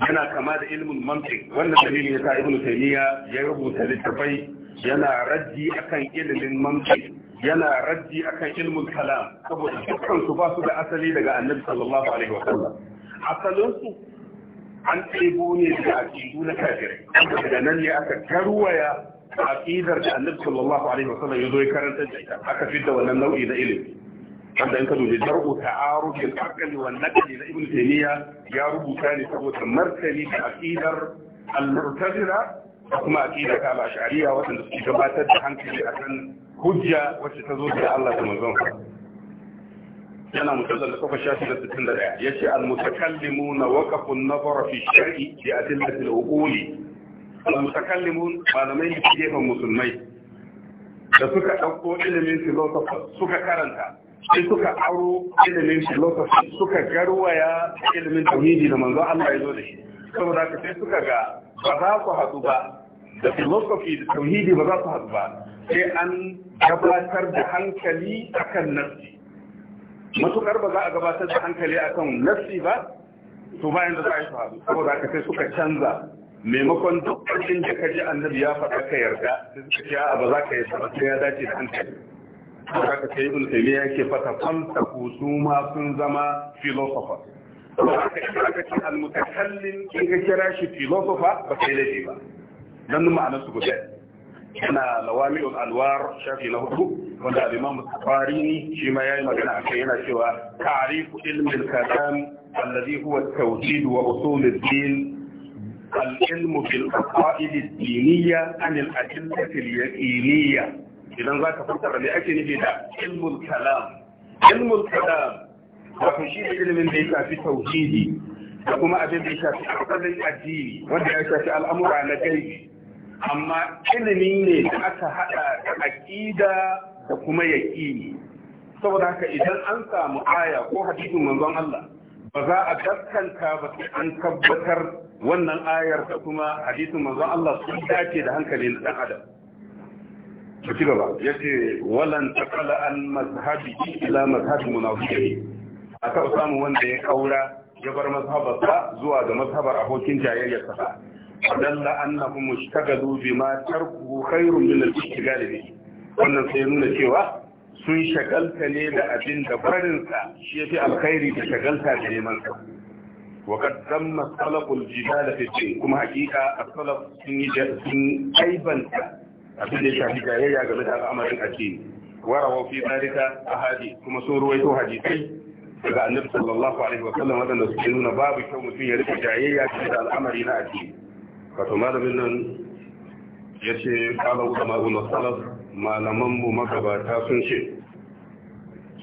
yana kama da ilmin mantiq wannan dalilin yasa ibnu taymiya ya rubuta littafai yana raddi akan ilimin mantiq yana raddi akan ilmin kalam saboda dukkan su ba su da asali daga annabi sallallahu alaihi wasallam asalin su an ɗebo ne daga aqidu na kafirai daga nan ne aka tarwaya aqidar da annabi sallallahu alaihi wasallam ya zo ya karanta da ita aka fitta wannan nau'i na ilimi wanda in ka dubi dar'u ta'arufin akali wa nakali na ibn taymiya ya rubuta ne saboda martani da aqidar al-mu'tazila da kuma aqidar ta ashariya wanda suke gabatar da hankali akan hujja wacce ta zo da Allah da manzon yana musallar da kafa shafi da sittin da ɗaya ya ce almutakallimu na waƙafun nazara fi shari'i da adillatil uquli almutakallimu malamai ne gefen musulmai da suka ɗauko ilimin filosofa suka karanta sai suka aro ilimin filosofi suka garwaya ilimin tauhidi da manzo Allah ya zo da shi saboda ka sai suka ga ba za ku haɗu ba da filosofi da tauhidi ba za ku haɗu ba sai an gabatar da hankali akan nafsi matukar ba za a gabatar da hankali akan nafsi ba to bayan da za a yi haɗu saboda ka sai suka canza maimakon duk ƙarshen da ka ji annabi ya faɗa ka yarda sai suka ce a ba za ka yarda ba sai ya dace da hankali haka sai ibn taymiya yake fata famsaku su ma sun zama philosopher haka shi aka ce al-mutakallim in ka kira shi philosopher ba kai laifi ba dan ma'anar su guda yana lawami'ul alwar shafi na hudu wanda al-imam Bukhari shi ma yayi magana akai yana cewa ta'rifu ilmi al-kalam alladhi huwa at-tawhid wa usul ad-din العلم بالعقائد الدينية عن الأدلة اليقينية idan za ka fassara me ake nufi da ilmul kalam ilmul kalam wato shi ne ilimin da ya shafi tauhidi da kuma abin da ya shafi asalin addini wanda ya shafi al'amura na gaibi amma ilimi ne da aka haɗa da aƙida da kuma yaƙini saboda haka idan an samu aya ko hadisin manzon Allah ba za a daskanta ba sai an tabbatar wannan ayar da kuma hadisin manzon Allah sun dace da hankalin ɗan adam ci gaba ya ce walan takala an mazhabi ila mazhabi munafiqi a taɓa samun wanda ya kaura ya bar mazhabarsa zuwa ga mazhabar abokin jayayyarsa ba dalla annahum mushtagalu bima tarku khairun min al-ishtigal wannan sai nuna cewa sun shagalta ne da abin da farin sa shi yafi alkhairi da shagalta da neman sa wa qad damma salaful jibal fi kuma hakika as-salaf sun yi sun aibanta abin da ya shafi jayayya game da al'amarin addini warawa fi a Haji. kuma sun ruwaito hadisai daga annabi sallallahu alaihi wa sallam wadanda suke nuna babu kyau mutum ya rufe jayayya game da al'amari na ake. wato malamin nan ya ce kala ulama ulama salaf malaman mu magabata sun ce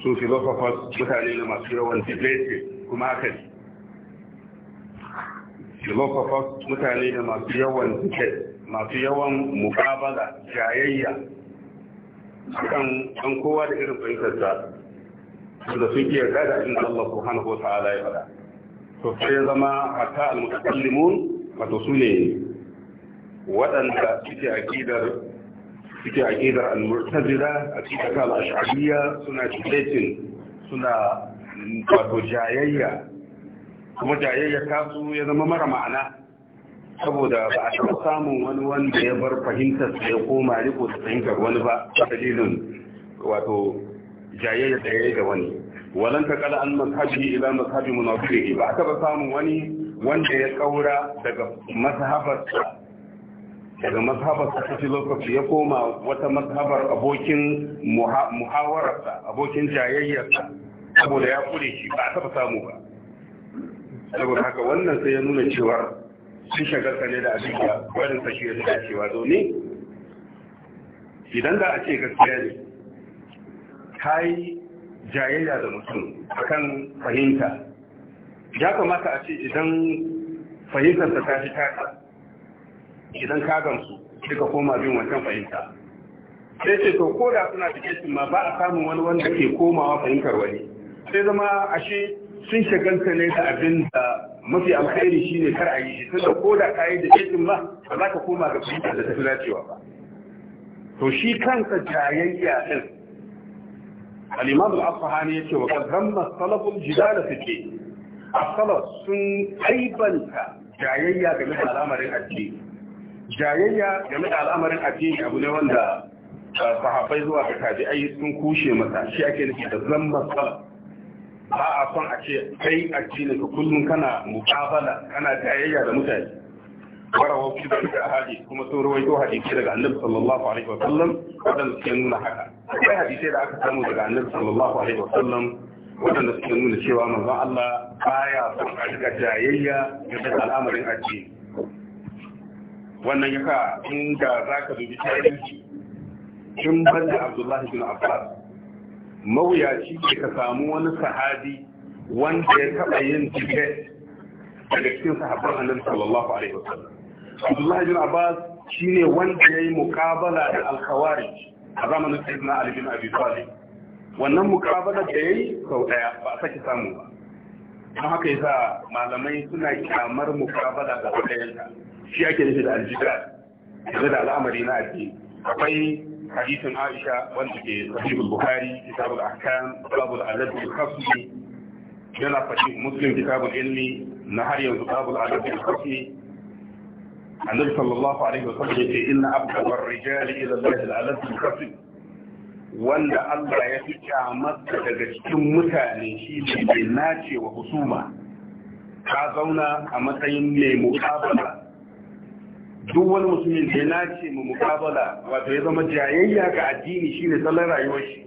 su filosofas mutane na masu yawan debate kuma haka ne filosofas mutane da masu yawan debate masu yawan mukabala jayayya akan an kowa da irin fahimtarsa da sun iya gada in Allah subhanahu wa ta'ala ya faɗa to sai ya zama hatta al-mutakallimun wato su ne waɗanda suke aqidar suke aqidar al-mu'tazila aqidar al-ash'ariyya suna cikin suna wato jayayya kuma jayayya ta su ya zama mara ma'ana saboda ba a taɓa samun wani wanda ya bar fahimtar ya koma riko da fahimtar wani ba ta dalilin wato jayayya da ya da wani walan ta kala an mazhabi ila mazhabi munafiqi ba a taɓa samun wani wanda ya kaura daga mazhabarsa daga mazhabar ta fi lokaci ya koma wata mazhabar abokin muhawararsa abokin jayayyarsa saboda ya kure shi ba a taba samu ba saboda haka wannan sai ya nuna cewar sun shagarta ne da abin da barin sashi ya dacewa ne idan da a ce gaskiya ne ka yi jayayya da mutum akan fahimta ya kamata a ce idan fahimtar ta fi taka idan ka gamsu duka koma bin wancan fahimta sai ce to ko da suna da kesin ma ba a samun wani wanda ke komawa fahimtar wani sai zama ashe sun shagalta ne da abin da mafi alkhairi shine kar a yi shi da ko da kayi da isin ma ba za ka koma ga fahimtar da tafi dacewa ba to shi kansa jayayya ɗin al-imam ya ce wa qad dhamma salaful jida fi din a salaf sun aibanta jayayya game da al'amarin addini jayayya game da al'amarin addini abu ne wanda ah, sahabbai zuwa ga tabi'ai sun kushe masa shi ake nufi da zan salaf ba a son a ce kai addini ka kullum kana mukabala kana tayayya da mutane kwara wafi da hadisi kuma sun rawaito hadisi daga annabi sallallahu alaihi wa sallam wadanda suke nuna haka akwai hadisai da aka samu daga annabi sallallahu alaihi wa sallam wadanda suke nuna cewa manzon Allah baya son a riga tayayya da al'amarin aji. wannan yaka inda zaka dubi tarihi in banda Abdullahi bin Abbas mawuyaci ne ka samu wani sahabi wanda ya taɓa yin tiket daga cikin sahabban annabi sallallahu alaihi wasallam abdullahi bin abbas shine wanda ya yi mukabala da alkawari a zamanin sayyidina ali bin abi talib wannan mukabala da ya sau ɗaya ba a sake samu ba don haka yasa malamai suna kyamar mukabala da ɗayanta shi ake nufi da aljihad yanzu da al'amari na addini akwai حديث عائشة وانتكي صحيح البخاري كتاب الأحكام كتاب العدد الخصمي جلع فشيخ مسلم كتاب العلمي نهاري وكتاب العدد الخصمي النبي صلى الله عليه وسلم يقول إن أبقى الرجال إلى الله العدد الخصمي وأن الله يسجع مصر تجسكم مثالي شيء بالناتي وخصومة كازونا أمتين لمقابلة duk wani musulmin da ya ce mu mukabala wato ya zama jayayya ga addini shine salon rayuwar shi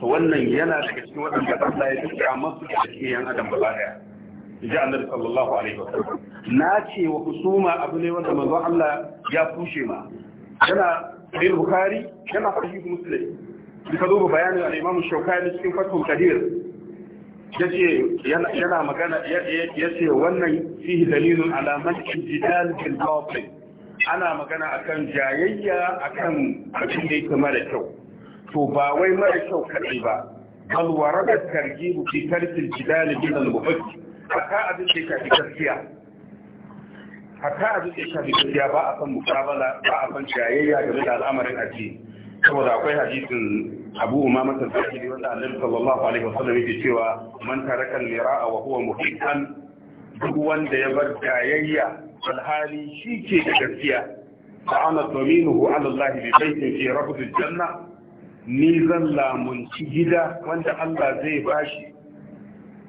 to wannan yana daga cikin waɗanda Allah ya tsaya masu da cikin yan adam gaba daya ji annabi sallallahu alaihi wasallam nace wa husuma abu ne wanda manzo Allah ya kushe ma yana sahih bukhari yana sahih muslim duka ba bayanin al-imam shaukani cikin fathul kadir yace yana yana magana yace wannan fihi dalilun ala man ijtihad fil batil ana magana akan jayayya akan abin da yake mara kyau to ba wai mara kyau kaɗai ba bal warada tarjibu fi tarkil jidal min al mufakki hatta abin da yake gaskiya hatta abin da yake gaskiya ba a san mukabala ba a san jayayya game da al'amarin addini saboda akwai hadisin abu umama tasiri wanda annabi sallallahu alaihi wasallam yake cewa man taraka al-mira'a wa huwa duk wanda ya bar jayayya alhali shi ke da gaskiya fa'ana dominuhu ala Allah baitin fi rabbil janna ni zan lamunci gida wanda Allah zai bashi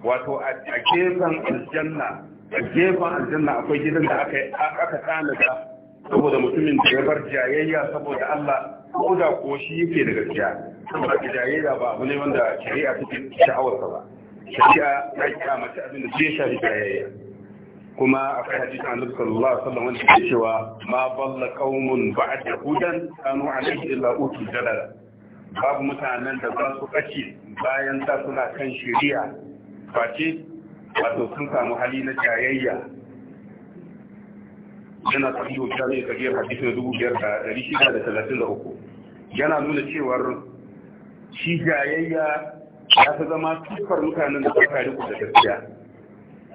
wato a gefen aljanna a gefen aljanna akwai gidan da aka aka tanada saboda mutumin da ya bar jayayya saboda Allah ko da ko shi yake da gaskiya saboda jayayya ba abu ne wanda shari'a take sha'awarsa ba shari'a ta kyamace abin da ya shafi jayayya kuma akwai hadisin annabi sallallahu alaihi wasallam wanda ke cewa ma balla qaumun ba'da hudan kanu alaihi illa utul jalala babu mutanen da za su kace bayan ta suna kan shari'a face wato sun samu hali na jayayya yana sahihu jami'i kabir na dubu biyar da dari shida da talatin da uku yana nuna cewar shi jayayya ya ta zama tuffar mutanen da suka riko da gaskiya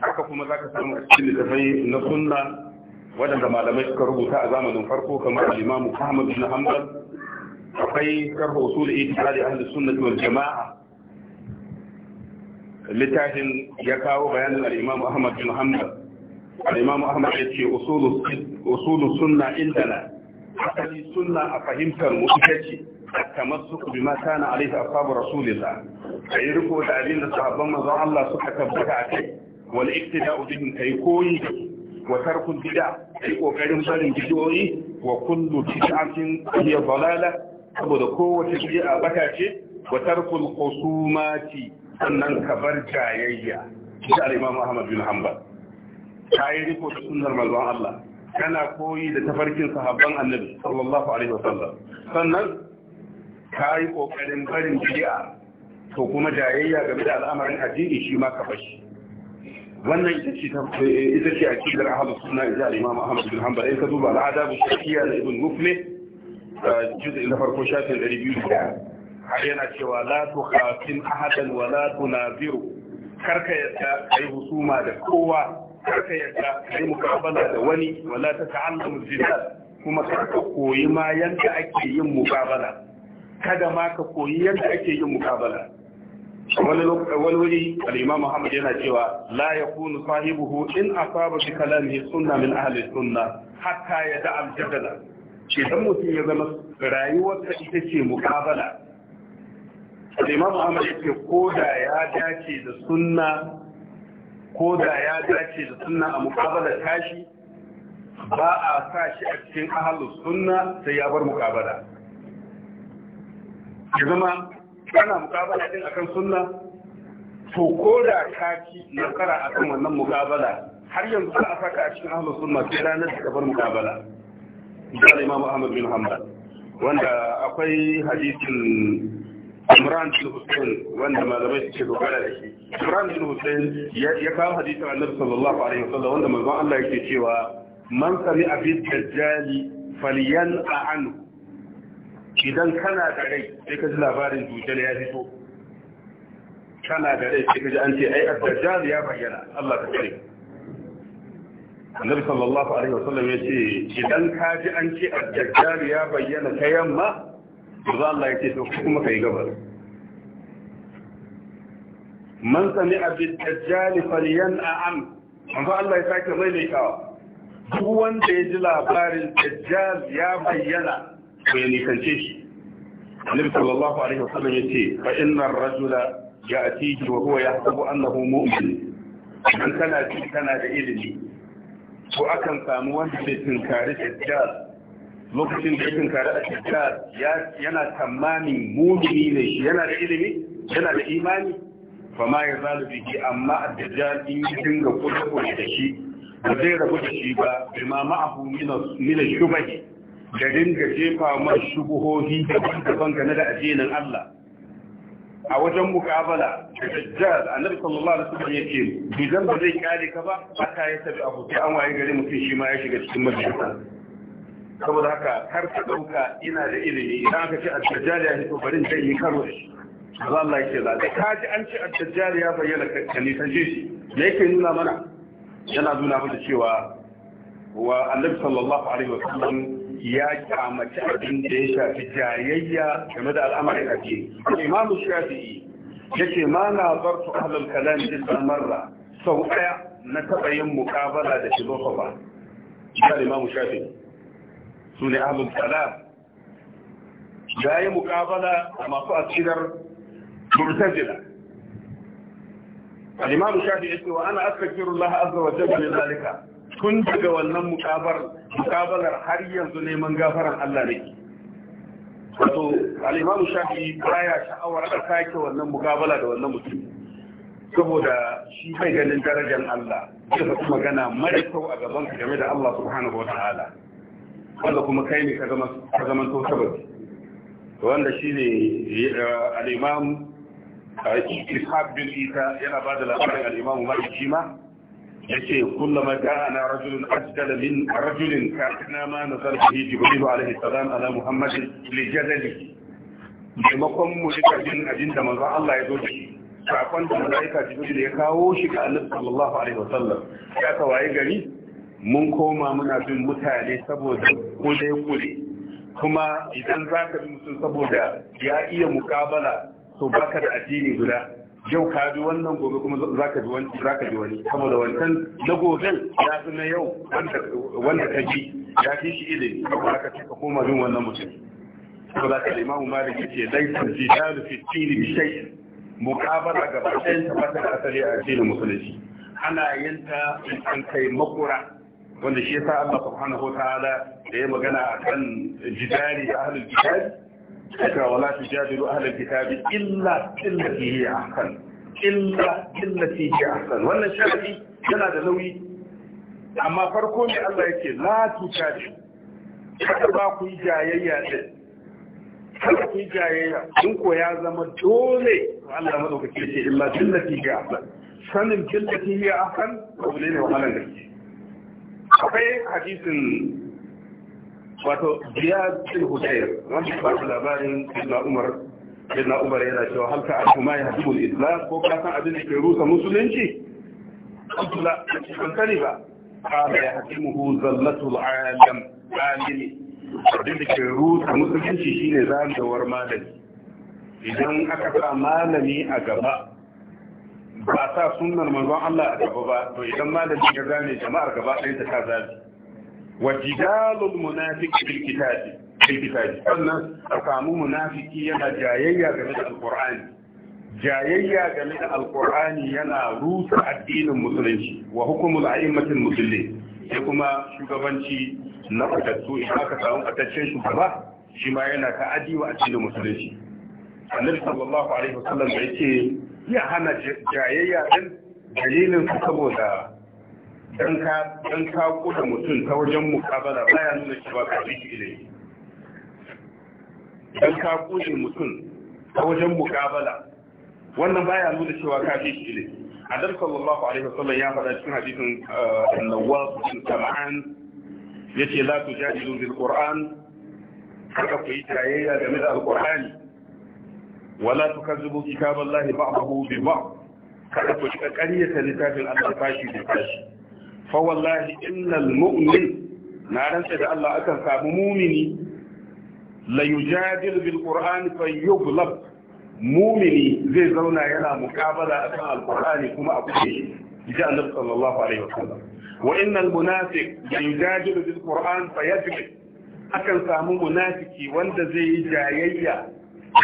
haka kuma za ka samu a cikin littafai na sunna waɗanda malamai suka rubuta a zamanin farko kamar Alimamu imamu Ahmad bin Hanbal akwai karfa usul itikadi ahli sunnati wal jama'a littafin ya kawo bayanin Alimamu imamu Ahmad bin Hanbal al Ahmad ya ce usulu usulu sunna indana asali sunna a fahimtar mu ita ce Kamar التمسك بما كان عليه أصحاب رسول الله فيركوا تعليم Allah suka tabbata a kai. Wani wal iktida'u bihim yi koyi wa gida bid'a yi ƙoƙarin barin bidiyoyi wa kullu bid'atin hiya dalala saboda kowace bid'a bata ce wa tarkul qusumati sannan ka bar jayayya shi al-imam Ahmad bin Hanbal kai riko da sunnar manzon Allah kana koyi da tafarkin sahabban annabi sallallahu alaihi wasallam sannan ka yi ƙoƙarin barin bid'a to kuma jayayya game da al'amarin addini shi ma ka bashi wannan ita ce a cikin ahalus suna ita imam ahmad bin hanbal in ka duba al'adabu shafiya na ibn muflih uh, juz'i na farko shafin 200 har yana cewa la kafin ahadan wa la tunaziru karka yadda yi husuma da kowa karka yadda yi mukabala da wani wala ta ta'allamu zina. kuma karka koyi ma yadda ake yin mukabala kada ma ka koyi yadda ake yin mukabala wani wuri al-imam Muhammad yana cewa la ya yakunu sahibuhu in asaba bi kalamihi sunna min ahli sunna hatta ya al-jadala shi dan mutum ya zama rayuwarsa ita ce mukabala al-imam Muhammad yake ko da ya dace da sunna ko da ya dace da sunna a mukabala tashi ba a sa shi a cikin ahli sunna sai ya bar mukabala ya zama kana mukabala din akan sunna to ko da ka ci nasara akan wannan mukabala har yanzu ka a saka a cikin ahlus sunna sai ranar da kabar mukabala misali imamu ahmad bin hanbal wanda akwai hadisin Imran bin Hussein wanda malamai suke dogara da shi. Imran bin Hussein ya kawo hadisin Annabi sallallahu alaihi wasallam wanda manzon Allah yake cewa man sami abi dajjali falyan anhu idan kana da rai sai ka ji labarin dujjal ya fito kana da rai sai ka ji an ce ai ad ya bayyana Allah ka tsare Annabi sallallahu alaihi wasallam ya ce idan ka ji an ce ad-dajjal ya bayyana ta yamma to za Allah ya ce to kuma kai gaba man sami'a bid-dajjal falyan'a an manzo Allah ya sake maimaitawa duk wanda ya ji labarin dajjal ya bayyana ko ya nisance shi annabi sallallahu alaihi wasallam yace fa innar rajula ya'tihi wa huwa yahsabu annahu mu'min idan kana ci kana da ilimi to akan samu wanda bai tunkari dajjal lokacin da ya tunkari a dajjal yana tamamin mumini ne yana da ilimi yana da imani fa ma ya zalu bihi amma ad-dajjal in ya dinga kudu da shi ba zai rabu da shi ba bima ma'ahu min min shubahi da ringa jefa mar shubuhohi daban-daban game da addinin Allah a wajen mukabala da dajjal annabi sallallahu alaihi wasallam yake idan ba zai kare ka ba haka ya tabi abu sai an waye gari mutum shi ma ya shiga cikin majalisa saboda haka har ka dauka ina da ilimi idan aka ce ad-dajjal ya fito barin zai yi karo da shi Allah yake da ka ji an ce ad-dajjal ya bayyana ka ni san shi yake nuna mana yana nuna mana cewa wa annabi sallallahu alaihi wasallam ya kyamaci abin da ya shafi jayayya game da al'amarin addini imamu shafi'i yace ma na zartu ahlul kalam illa marra sau ɗaya na taɓa yin muƙabala da filosofa shi imamu shafi'i sune ahlul kalam ya yi muƙabala a masu asidar murtazila al-imam shafi'i yace wa ana astaghfirullah azza wa jalla min tun daga wannan mukabalar har yanzu neman gafaran Allah ne wato al'imamu shafi ya sha'awar a sake wannan mukabala da wannan mutum saboda shi bai ganin darajar Allah zai faɗi magana mara kyau a gaban ka game da Allah subhanahu wa ta'ala wanda kuma kai ne ka zama to sabbi. wanda shi ne al'imam uh, Ishaq bin Isa yana ba da labarin al'imamu Malik ma yace kullama ana rajulun ajdala min rajulin kana ma nazar bihi jibril alaihi salam ala muhammad li jadalihi maimakon mu rika jin abin da manzo Allah ya zo da shi sakon da malaika jibril ya kawo shi ga annabi sallallahu alaihi wasallam ya ka waye gari mun koma muna bin mutane saboda kule kule kuma idan zaka bi mutum saboda ya iya mukabala to baka da addini guda yau ka bi wannan gobe kuma za ka ji wani za ka ji wani saboda wancan na goben ya fi na yau wanda ka ji ya fi shi ilimi aka ka ka koma bin wannan mutum saboda ka limamu malik yace laisa jidalu fi dini bi shay'in muqabala ga bayan da asali a cikin musulunci ana yin ta an kai makura wanda shi yasa Allah subhanahu wa ta'ala da ya magana akan jidari ahlul jidari aka wala su tujadilu ahlul kitabi illa illati a kan illa illati a kan wannan shafi yana da nauyi amma farko ne Allah yake la tujadilu kada ba ku yi jayayya din kada ku yi jayayya in ko ya zama dole Allah madaukake ce illa illati a kan sanin illati hiya ahsan ko ne wahalan gaske akwai hadisin wato biya bin husayr wanda ba labarin na umar bin umar yana cewa halka al-kuma ya hadu islam ko ka san abin da ke rusa musulunci abdullah ban sani ba kama ya hadimuhu zallatul alam alimi abin da ke rusa musulunci shine zamewar malami idan aka sa malami a gaba ba sa sunan manzon Allah a gaba ba to idan malami ya zame jama'ar gaba ɗaya ta zabi wa jidalul munafiqi kitabi bil kitabi sannan a munafiki yana jayayya game da alqur'ani jayayya game da alqur'ani yana rusa addinin musulunci wa hukumul a'immatil muslimin sai kuma shugabanci na fatattu idan aka samu fataccen shugaba shi ma yana ta'adi wa addinin musulunci annabi sallallahu alaihi wasallam da yake ya hana jayayya din dalilin su saboda dan ka dan kuda mutum ta wajen mukabala baya nuna cewa ka fi ilimi dan ka kuda mutum ta wajen mukabala wannan baya nuna cewa ka fi ilimi adam sallallahu alaihi wasallam ya faɗa cikin hadisin eh, annawas bin sam'an yace la tujadilu bil qur'an kada ku yi tarayya game da alqur'ani wala tukazzibu kitaballahi ba'dahu bi ba'd kada ku ƙaryata littafin Allah fashi da fashi fa wallahi innal mu'min na rantsa da Allah akan samu mumini la yujadil bil qur'an fa yughlab mumini zai zauna yana mukabala akan alqur'ani kuma a kuɗe ji annabi sallallahu alaihi wasallam wa innal munafiq yujadil bil qur'an fa yajlib akan samu munafiki wanda zai yi jayayya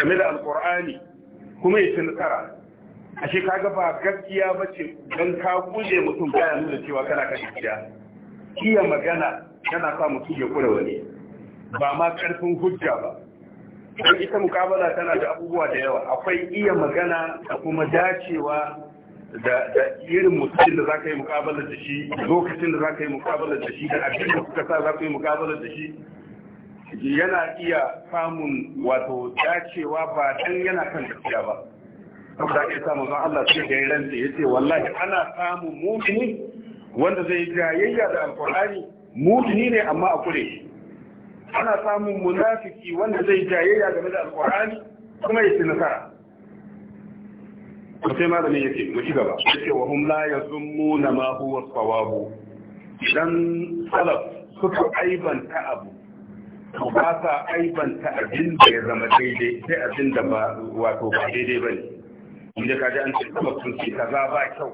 game da alqur'ani kuma ya ci nasara ashe kaga ba gaskiya ba ce don ka kuje mutum kaya nuna cewa kana ka gaskiya iya magana yana sa mutum ya kura wani ba ma karfin hujja ba don ita mukabala tana da abubuwa da yawa akwai iya magana da kuma dacewa da irin mutum da za ka yi mukabala da shi lokacin da za ka yi mukabala da shi da abin da kuka sa za ka yi mukabala da shi yana iya samun wato dacewa ba dan yana kan gaskiya ba da ake samun manzon Allah sai da ya rantsa yace wallahi ana samun mu'mini wanda zai jayayya da alqur'ani mu'mini ne amma a kure ana samun munafiki wanda zai jayayya game da alqur'ani kuma yace nasara sai malamin yake mu ci gaba yace wa hum la yazummuna ma huwa sawabu idan salaf suka aibanta abu to ba sa aibanta abin da ya zama daidai sai abin da ba wato ba daidai bane inda kaji an ce kuma sun ce kaza ba kyau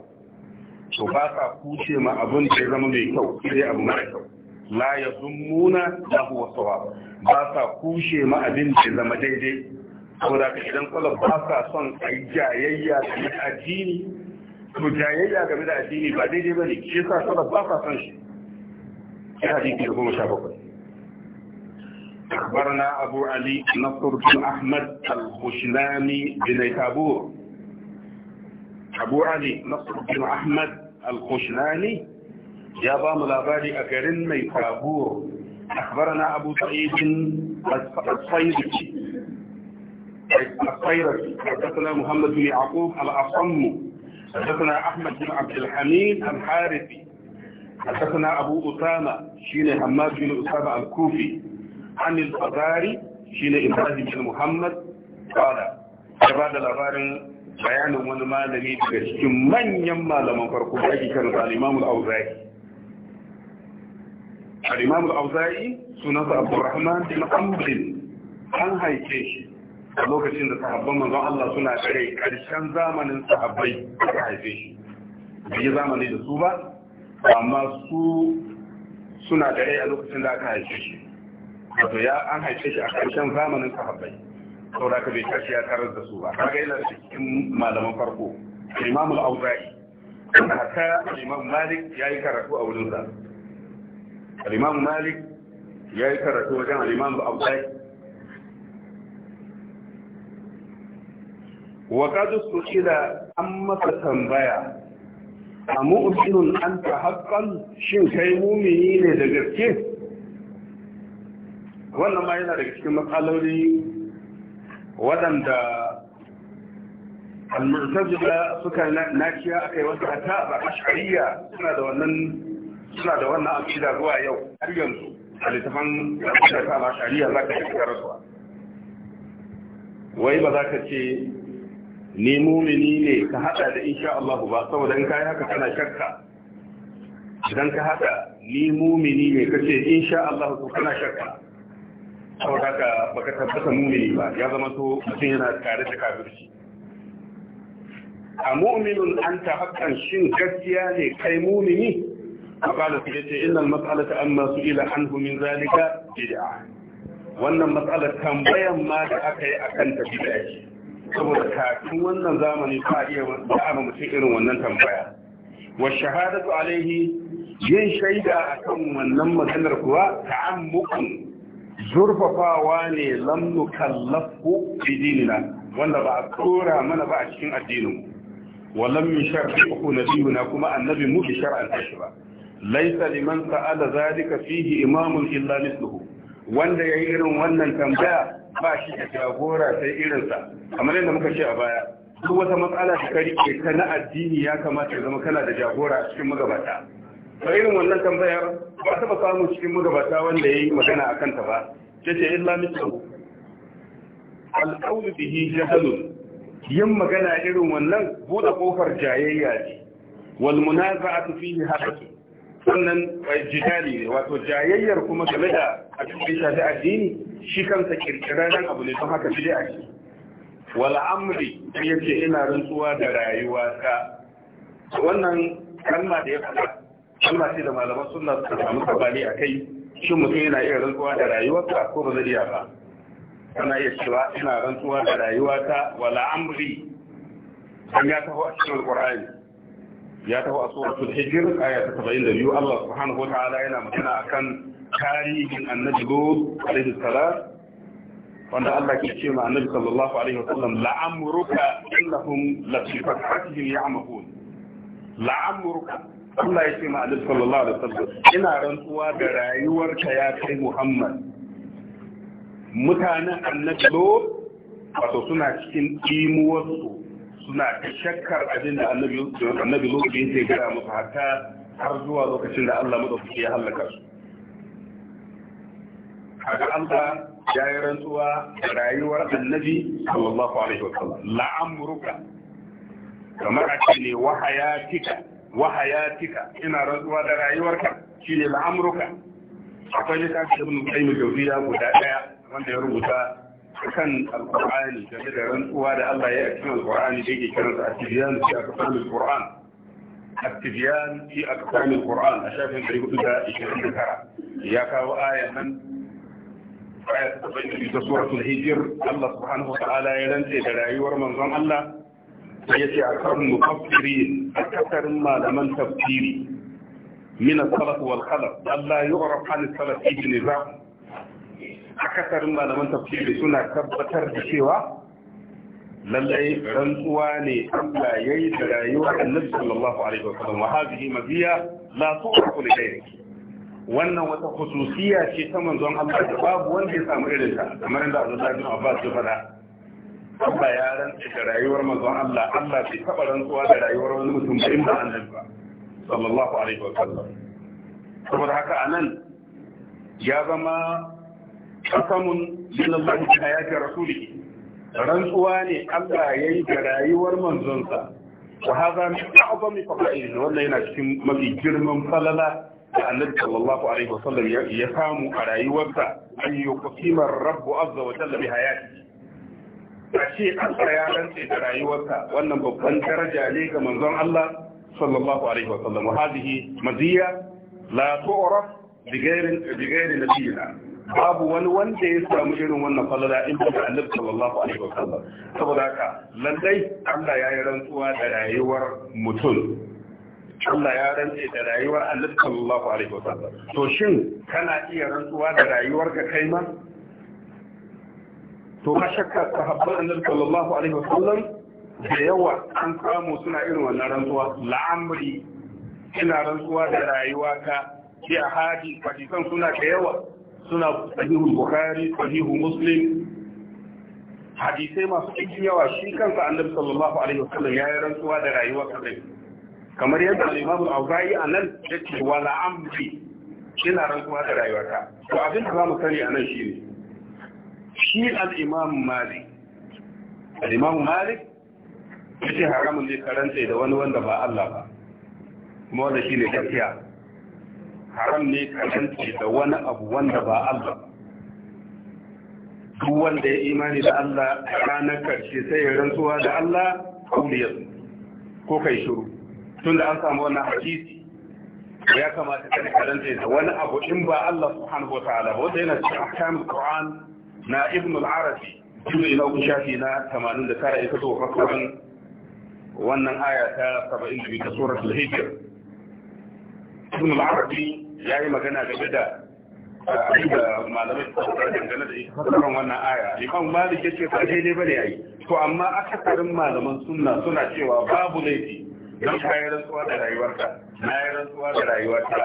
to ba sa kushe ma abin da ya zama mai kyau sai abu mara kyau la ya zummuna lahu wa sawab ba sa kushe ma abin da ya zama daidai ko da idan kwalab ba sa son a jayayya game da addini to jayayya game da addini ba daidai ba ne shi yasa kwalab ba sa son shi ya hadisi da goma sha bakwai أخبرنا أبو علي نصر بن أحمد الخشنامي بن نيسابور abu ali nasirin ahmad al-kushnani ya ba mu labari a garin mai kabuwa akbara na abu sa'idin al-fayirci al-fayirci al-fayirci muhammadu a kuma al-afammu al-fayirci ahmad al-harifi al-fayirci abu usama shi ne hamad bin usama kufi hannun tsazari shi ne ibrahim bin muhammad tsada gaba da labarin bayanin wani malami daga cikin manyan malaman farko da ake kan al-Imam al-Auza'i al-Imam al-Auza'i sunansa Abdurrahman bin Amr an haife shi a lokacin da sahabban manzon Allah suna kare karshen zamanin sahabbai da haife shi bai zamani da su ba amma su suna da rai a lokacin da aka haife shi wato ya an haife shi a karshen zamanin sahabbai da aka bai tashi ya karar da su ba kaga yana da cikin malaman farko imamul auza'i hatta imam malik ya yi karatu a wurinsa imam malik ya yi karatu wajen imam auza'i wa kadu su ila an masa tambaya a mu'minun an ta haƙƙan shin kai mumini ne da gaske wannan ma yana daga cikin matsaloli waɗanda al-mu'tazila suka naciya yi wasu hatta ba ash'ariyya suna da wannan suna da wannan zuwa yau har yanzu a littafan da ta ba shari'a za ka shiga rasuwa wai ba za ka ce ni mumini ne ka hada da insha Allah ba saboda in kai haka kana shakka idan ka hada ni mumini ne kace insha Allah ko kana shakka saboda ka baka tabbata mumini ba ya zama to mutum yana tare da kafirci a mu'minun an ta hakan shin gaskiya ne kai mumini maqala su yace innal ta amma su'ila anhu min zalika bid'a wannan mas'alar tambayan ma da aka yi akan ta bid'a ce saboda kafin wannan zamani ba iya ba mutum irin wannan tambaya wa shahadatu alaihi yin shaida akan wannan maganar kuwa ta'ammuqun zurfafawa ne lamnu kallafu fi dinina wanda ba a tsora mana ba a cikin addinin wa na biyu nabiyuna kuma annabi mu bi shar'an shi ba laysa liman sa'ala zalika fihi imamun illa mithluhu wanda yayi irin wannan tambaya ba shi da jagora sai irinsa kamar yadda muka ce a baya duk wata matsala da kari ke ta na addini ya kamata ya zama kana da jagora cikin magabata sai irin wannan tambayar ba taba samu cikin magabata wanda ya yi magana a kanta ba ta ce illa mislahu alƙaunu bihi jahalun yin magana irin wannan buɗe ƙofar jayayya ne a tafi yi haɗaki, sannan eh, jidali ne wato jayayyar kuma game da a da shafi addini shi kansa ƙirƙirarren abu ne don haka bid'a ce wal amri yace ina rantsuwa da rayuwa ta wannan kalma da ya faɗa kalma ce da malaman sunna suka samu sabani a kai shin mutum yana iya rantsuwa da rayuwarsa ko ba zai iya ba kana iya cewa ina rantsuwa da rayuwata wala amri dan ya taho a cikin alqur'ani ya taho a suratul hijr aya ta 72 Allah subhanahu wataala yana magana akan tarihin annabi lut alaihi salam wanda Allah ke ce ma annabi sallallahu alaihi wasallam la'amruka innahum la fi fathatihim ya'mahun la'amruka Allah ya ce ma Alif sallallahu alaihi wasallam ina rantsuwa da rayuwarka ya kai Muhammad mutanen annabi lo wato suna cikin imuwarsu suna ta shakkar abin da annabi annabi lo bai ce gara musu hatta har zuwa lokacin da Allah madaukaki ya halaka su kaga Allah ya yi rantsuwa da rayuwar annabi sallallahu alaihi wasallam la'amruka kamar a ce ne wahayatika وحياتك إن رزوة رأيورك شيني لأمرك أقول لك من القيم الجوزية مدعية من يربط كان القرآن جميلا وعلى الله يأتي القرآن بيجي كان التبيان في أقسام القرآن التبيان في أقسام القرآن أشاف أن يقول لك إشهر الذكرى إياك وآية من آية سورة الهجر الله سبحانه وتعالى يلنسي لا يورمن ظن الله sai yace akan mufassirin akasarin malaman tafsiri min as-salaf wal khalaf Allah yu'raf an as-salaf ibn nizam akasarin malaman tafsiri suna tabbatar da cewa lallai rantsuwa ne Allah yayi da rayuwar Annabi sallallahu alaihi wasallam wa hadhihi mabiya la tu'rafu li ghayrihi wannan wata khususiya ce ta manzon Allah da babu wanda ya samu irin ta kamar yadda Abdullah bin Abbas ya faɗa Allah ya rantsa da rayuwar manzon Allah Allah bai taba rantsuwa da rayuwar wani mutum ba in ba annabi ba sallallahu alaihi wa sallam saboda haka anan ya zama kasamun lillahi ta yake rasuli rantsuwa ne Allah ya yi da rayuwar manzonsa wa haza min a'zami fadail wannan yana cikin mafi girman falala da annabi sallallahu alaihi sallam ya samu a rayuwarsa an yuqima rabbu azza wa jalla bi hayati a ce Allah ya rantse da rayuwarsa wannan babban daraja ne ga manzon Allah sallallahu alaihi wa sallam hadhihi maziya la tu'raf bi ghairi bi ghairi nabiyina babu wani wanda ya samu irin wannan falala in ba Annabi sallallahu alaihi wa sallam saboda haka lallai Allah ya yi rantsuwa da rayuwar mutum Allah ya rantse da rayuwar Annabi sallallahu alaihi wa sallam to shin kana iya rantsuwa da rayuwar ka kai ma to ba shakka sahabban annabi sallallahu alaihi wasallam da yawa an samu suna irin wannan rantsuwa la'amri ina rantsuwa da rayuwa ka ke a haji Fadisan suna da yawa suna sahihu bukhari sahihu muslim hadisai masu cikin yawa shi kansa annabi sallallahu alaihi wasallam ya yi rantsuwa da rayuwa ka dai kamar yadda al-imamu a awzai anan yake wala amri ina rantsuwa da rayuwa ka to abin da mu sani anan ne. shi al'imam malik al'imam malik shi haramun ne karanta da wani wanda ba Allah ba kuma wanda shi ne kafiya haram ne karanta da wani abu wanda ba Allah duk wanda ya imani da Allah ranar karshe sai ya rantsuwa da Allah kauliyar ko kai shuru tun da an samu wannan hadisi ya kamata ka karanta da wani abu in ba Allah subhanahu wa ta'ala ba wanda yana cikin ahkamul Qur'an na ibn al-arabi juzu na ku shafi na 89 ita zo fasarin wannan aya ta 72 ta suratul hijr ibn al-arabi yayi magana game da da malamai su tsara dangane da ita fasarin wannan aya imam malik yace ba daidai bane yayi to amma akasarin malaman sunna suna cewa babu laifi dan kayan rantsuwa da rayuwarka na yi rantsuwa da rayuwarka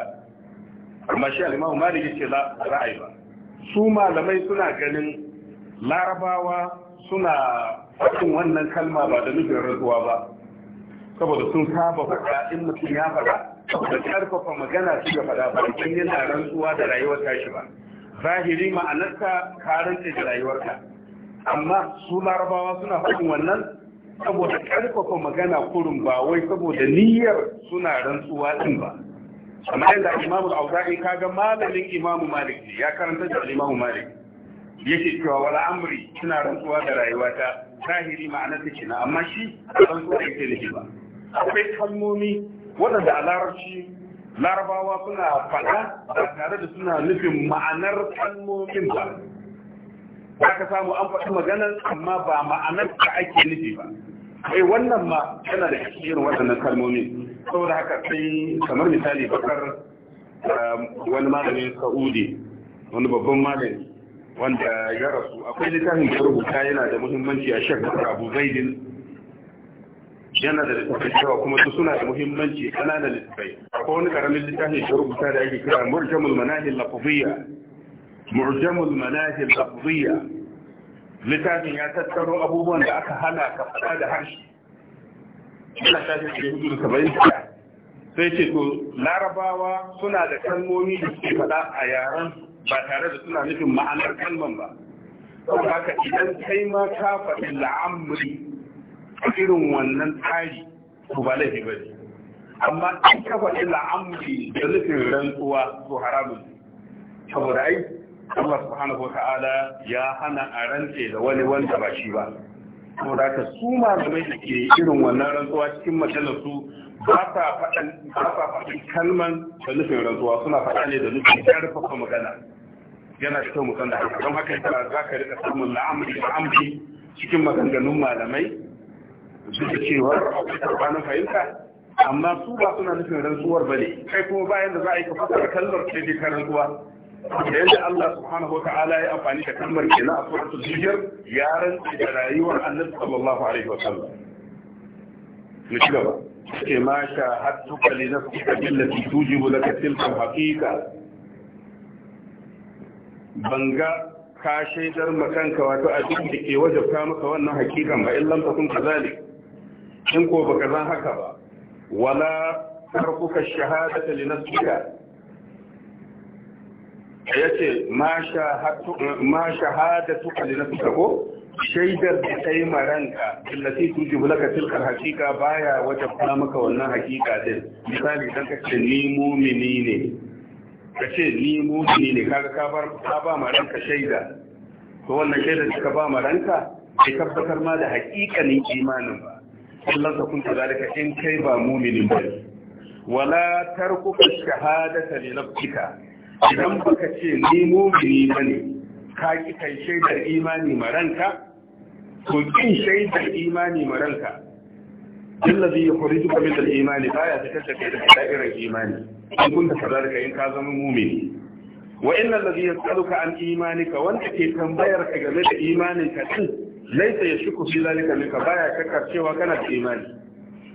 amma shi al-imam malik yace la ra'ayi ba su malamai suna ganin larabawa suna faɗin wannan kalma ba da nufin rantsuwa ba saboda sun saba faɗa in mutum ya faɗa da ƙarfafa magana su ga faɗa ba don yana rantsuwa da rayuwar tashi ba zahiri ma'anarta ka da rayuwarka amma su larabawa suna faɗin wannan saboda ƙarfafa magana kurum ba wai saboda niyyar suna rantsuwa din ba kamar yadda imamu al awzai kaga malamin imamu malik ne ya karanta da imamu malik yake cewa wala amri suna rantsuwa da rayuwata zahiri ma'anar take na amma shi rantsuwa yake da shi ba akwai kalmomi waɗanda a larabci larabawa suna faɗa ba tare da suna nufin ma'anar kalmomin ba za ka samu an faɗi maganar amma ba ma'anar ka ake nufi ba ai wannan ma yana da cikin irin waɗannan kalmomin saboda haka sai kamar misali bakar um, wani malamin saudi wani babban malami wanda ya rasu akwai littafin da rubuta yana da muhimmanci a shek bakar abu zaidin yana da littafin cewa kuma su suna da muhimmanci kananan littafai akwai wani karamin littafin da rubuta da ake kira murjamul manahil lafziya murjamul manahil lafziya littafin ya tattaro abubuwan da aka hana ka faɗa da harshe ina tashi da hudu da saba'in da sai ce to larabawa suna da kalmomi da suke faɗa a yaren ba tare da suna nufin ma'anar kalman ba don haka idan kai ma ka faɗi la'amuri irin wannan tsari to ba laifi ba ne amma in ka faɗi la'amuri da nufin rantsuwa to haramun saboda ai Allah subhanahu wa ta'ala ya hana a rantse da wani wanda ba shi ba saboda ka su malamai da ke irin wannan rantsuwa cikin matsalar ba sa faɗan faɗin kalman da nufin rantsuwa suna faɗa ne da nufin ƙarfafa magana yana da kyau mu san da haka don haka yasa za ka rika samun la'amari la'amari cikin maganganun malamai duk da cewa akwai karbanin fahimta amma su ba suna nufin rantsuwar ba ne kai kuma bayan da za a yi ka fasara kalmar sai dai ka rantsuwa da yadda Allah subhanahu wa ta'ala ya amfani da kalmar kenan a suratul hijr ya rantsi da rayuwar annabi sallallahu alaihi wa sallam نشلو ما شاهدتك لنفسك التي توجب لك تلك الحقيقة بنغا ka shaidar makanka wato abin da ke wajabta maka wannan hakikan ba illan ta kun kazalik in ko baka zan haka ba wala tarkuka shahadata li nafsika yace ma shahadatu ma shahadatu li nafsika ko shaidar da ta yi maranka illati tujibu bulaka tilkar hakika baya wata kuma maka wannan hakika din misali dan ka ce ni mumini ne ka ce ni mumini ne kaga ka bar ka ba maranka shaida to wannan shaida da ka ba maranka bai tabbatar ma da hakikanin imanin ba Allah ka kunta zalika in kai ba mumini ba wala tarku shahadata li nafsika idan baka ce ni mumini bane ka ki kai shaidar imani maranka ko kin sai ta imani maranka alladhi yukhrijuk min al-iman fa ya tatakaffa da da'irar iman in kunta kadalika in ka zama mu'mini wa inna alladhi yas'aluka an imanika wa anta tambayar ka game da imaninka din laysa yashku fi dhalika min ka baya kakar cewa kana da iman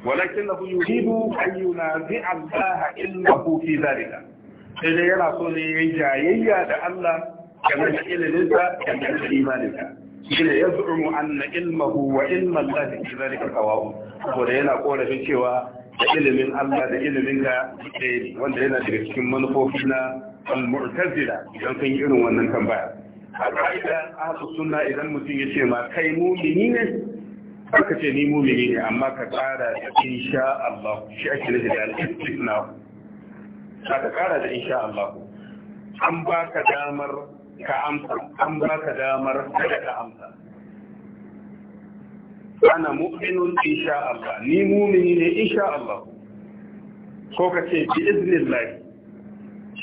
walakin lahu yuhibu an yunazi'a Allah innahu fi dhalika sai yana so ne yayi jayayya da Allah game da ilminsa da imaninsa ne ya zu'umu anna ilmahu wa ilma Allah fi zalika Ko da yana korafin cewa da ilimin Allah da ilimin ka ɗaya wanda yana daga cikin manufofi na al-mu'tazila idan kun irin wannan tambaya a ka'ida ahlus sunna idan mutum ya ce ma kai mumini ne aka ce ni mumini ne amma ka tsara da insha Allah shi ake nufi da al-istisna ka tsara da insha Allah an baka damar ka amsa an ba ka damar kada ka amsa ana mu'minun insha Allah ni mumini ne insha Allah ko ka ce bi iznillah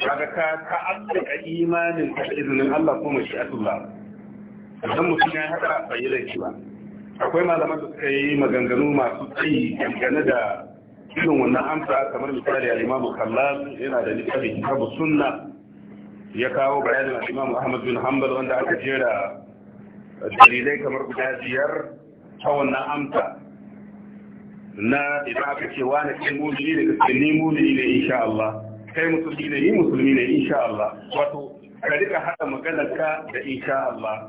kaga ka ka addaka imanin ka iznin Allah ko shi Allah dan mutum ya hada bayyana shi ba akwai malaman da suka yi maganganu masu tsayi dangane da irin wannan amsa kamar misali al-Imam Khallal yana da littafin Kitabu Sunnah ya kawo bayanin imam Ahmad bin Hanbal wanda aka jera dalilai kamar guda biyar ta wannan amsa na idan aka ce wani cikin mumini ne gaske ni mumini ne insha Allah kai musulmi ne ni musulmi ne insha Allah wato ka rika hada maganar ka da insha Allah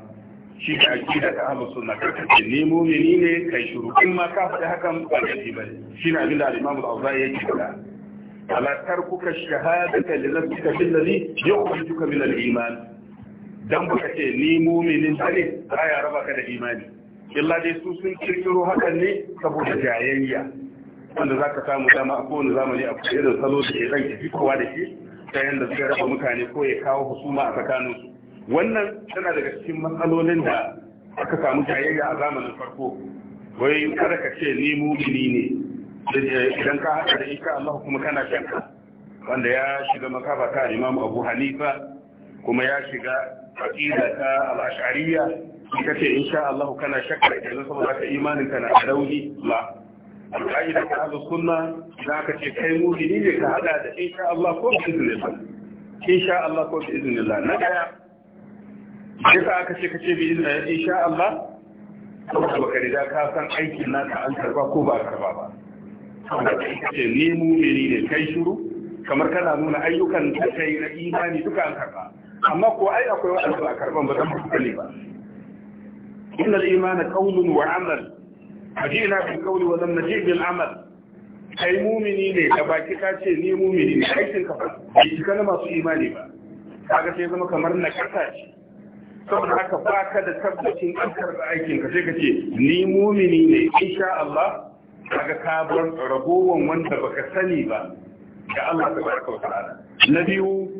shi ka ji da ka halu sunna ka ce ni mumini ne kai shuru in ma ka faɗi hakan ba da ji bane shi na abin da al-Imam al-Auza'i yake faɗa على تركك الشهادة li في الذي يخرجك من الإيمان دمك iman dan baka ce ni mu'minin الإيمان إلا raba ka da imani illa dai su sun kirkiro hakan ne saboda jayayya zaka samu dama a kowane zamani a kusa irin salo da zan ki kowa da shi ta yadda zai raba mutane ko ya kawo husuma a tsakaninsu wannan tana daga cikin matsalolin da aka samu jayayya a zamanin farko wai kada ka ce ni mumini ne idan ka haɗa da ita Allah kuma kana shakka wanda ya shiga makafa ta Imam Abu Hanifa kuma ya shiga aqida ta al-Ash'ariyya in insha Allah kana shakka idan saboda ka imanin kana da rauni la al-qaida ta ahlus sunna zaka ce kai mu'mini ne ka haɗa da insha Allah ko bi iznillah insha Allah ko bi iznillah na daya shi ka aka ce kace bi iznillah insha Allah ka baka riga ka san aikin naka an karba ko ba karba ba wanda ka ce ni mumini ne kai shuru, kamar kana nuna ayyukan da kai na imani duka an karba amma ko ai akwai wa'azu a karban ba zan ne ba inna al-imana qawlun wa amal ajina bil qawli wa lam naji bil amal kai mumini ne da baki ka ce ni mumini ne aikin ka bai cika na masu imani ba kaga sai zama kamar na kasa ce saboda haka ba ka da tabbacin an karba aikin ka sai ka ce ni mumini ne insha Allah kaga ka bar ragowan wanda baka sani ba Da Allah ta baraka wa ta'ala na biyu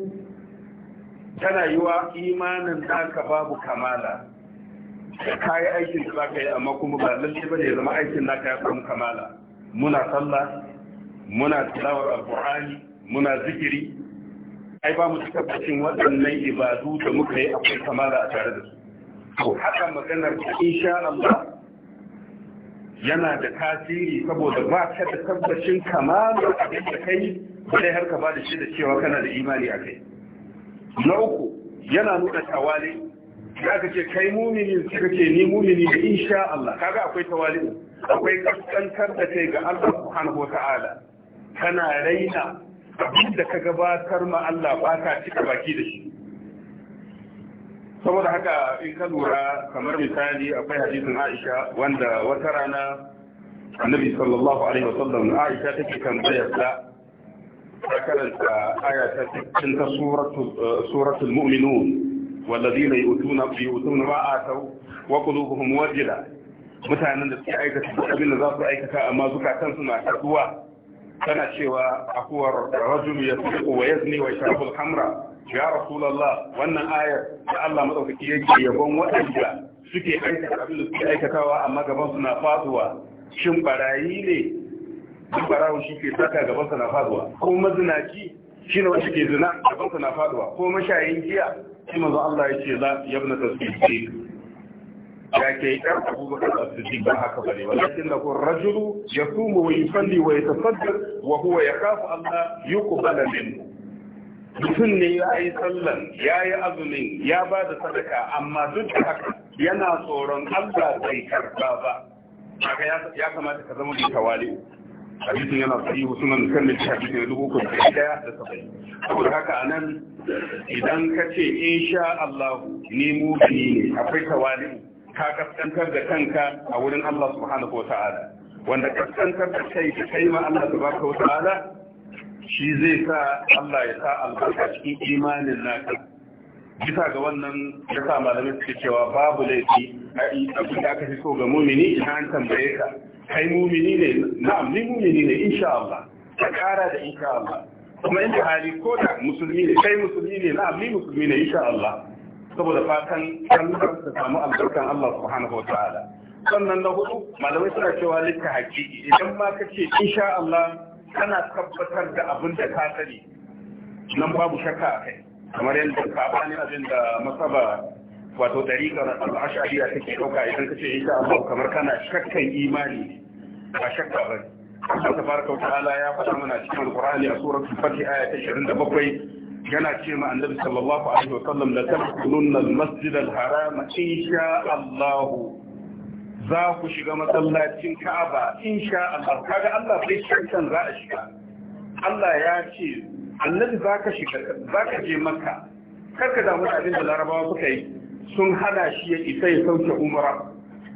tana wa imanin naka babu kamala ka yi aikin da zaka yi amma kuma ba lalle bane ya zama aikin naka ya samu kamala muna sallah muna tilawar alqur'ani muna zikiri ai ba mu tabbacin waɗannan ibadu da muka yi akwai kamala a tare da su haka maganar insha Allah yana da tasiri saboda ba ka da tabbacin kamar abin da kai bare har ka ba da shi da cewa kana da imani a kai na uku yana nuna tawali da aka ce kai mumini ka ce ni mumini da insha Allah kaga akwai tawali akwai kaskantar da kai ga Allah subhanahu wata'ala kana raina abin da ka gabatar ma Allah ba ka cika baki da shi saboda haka in ka lura kamar misali akwai hadisin Aisha wanda wata rana Annabi sallallahu alaihi wasallam Aisha take tambayar ta karanta aya ta cikin ta suratul mu'minun والذين يؤتون يؤتون ما آتوا وقلوبهم وجلة mutanen da suke aikata abin da za su aikata amma zukatan suna taduwa tana cewa akuwar rajul ya fi wa yazni wa sharbul hamra ya rasulallah, wannan ayar da Allah madaukaki yake yabon waɗanda suke aikata abin da suke aikatawa amma gaban su na faduwa shin barayi ne duk barawo shi ke saka gaban sa na faduwa ko mazinaci shi ne wanda ke zina gaban sa na faduwa ko mashayin giya shi manzo Allah ya ce la yabna tasbih ya ke yar abubakar as-siddiq ba haka bane walakin la kun rajulu yasumu wa yusalli wa yatasaddaq wa huwa yakhafu Allah yuqbala minhu mutum ne ya yi sallan ya yi azumin ya ba da sadaka amma duk da haka yana tsoron allah bai karba ba haka ya kamata ka zama mai wale hadisin yana wasu nan kan da shafi ne dubu uku da daya da sabai saboda haka a nan idan ka ce insha Allah ni mubini ne akwai tawali ka kaskantar da kanka a wurin Allah subhanahu wa ta'ala wanda kaskantar da kai ka kai ma Allah subhanahu wa ta'ala shi zai sa Allah ya sa albarka cikin imanin naka bisa ga wannan ya sa malamai suke cewa babu laifi a abin da aka fi so ga mumini idan an tambaye ka kai mumini ne na'am ni mumini ne insha Allah ka kara da insha Allah kuma in da hali ko da musulmi ne kai musulmi ne na'am ni musulmi ne insha Allah saboda fatan kalmar ta samu albarkan Allah subhanahu wa ta'ala sannan na hudu malamai suna cewa litta haƙiƙi idan ma ka ce insha Allah kana tabbatar da abin da ka sani nan babu shakka a kai kamar yadda ni abin da masaba wato dariƙar al'ashariya take ɗauka idan ka ce insha Allah kamar kana shakkan imani ba shakka ba Allah tabaraka wa ta'ala ya faɗa mana cikin Al-Qur'ani a suratul Fatih aya ta 27 yana ce ma annabi sallallahu alaihi wa sallam la tadkhulunna al-masjid al-haram insha Allah za ku shiga masallacin Ka'aba insha Allah ga Allah bai shirkan za a shiga Allah ya ce annabi za ka shiga za ka je Makka karka damu da abin da Larabawa suka yi sun hana shi ya isa ya sauke umra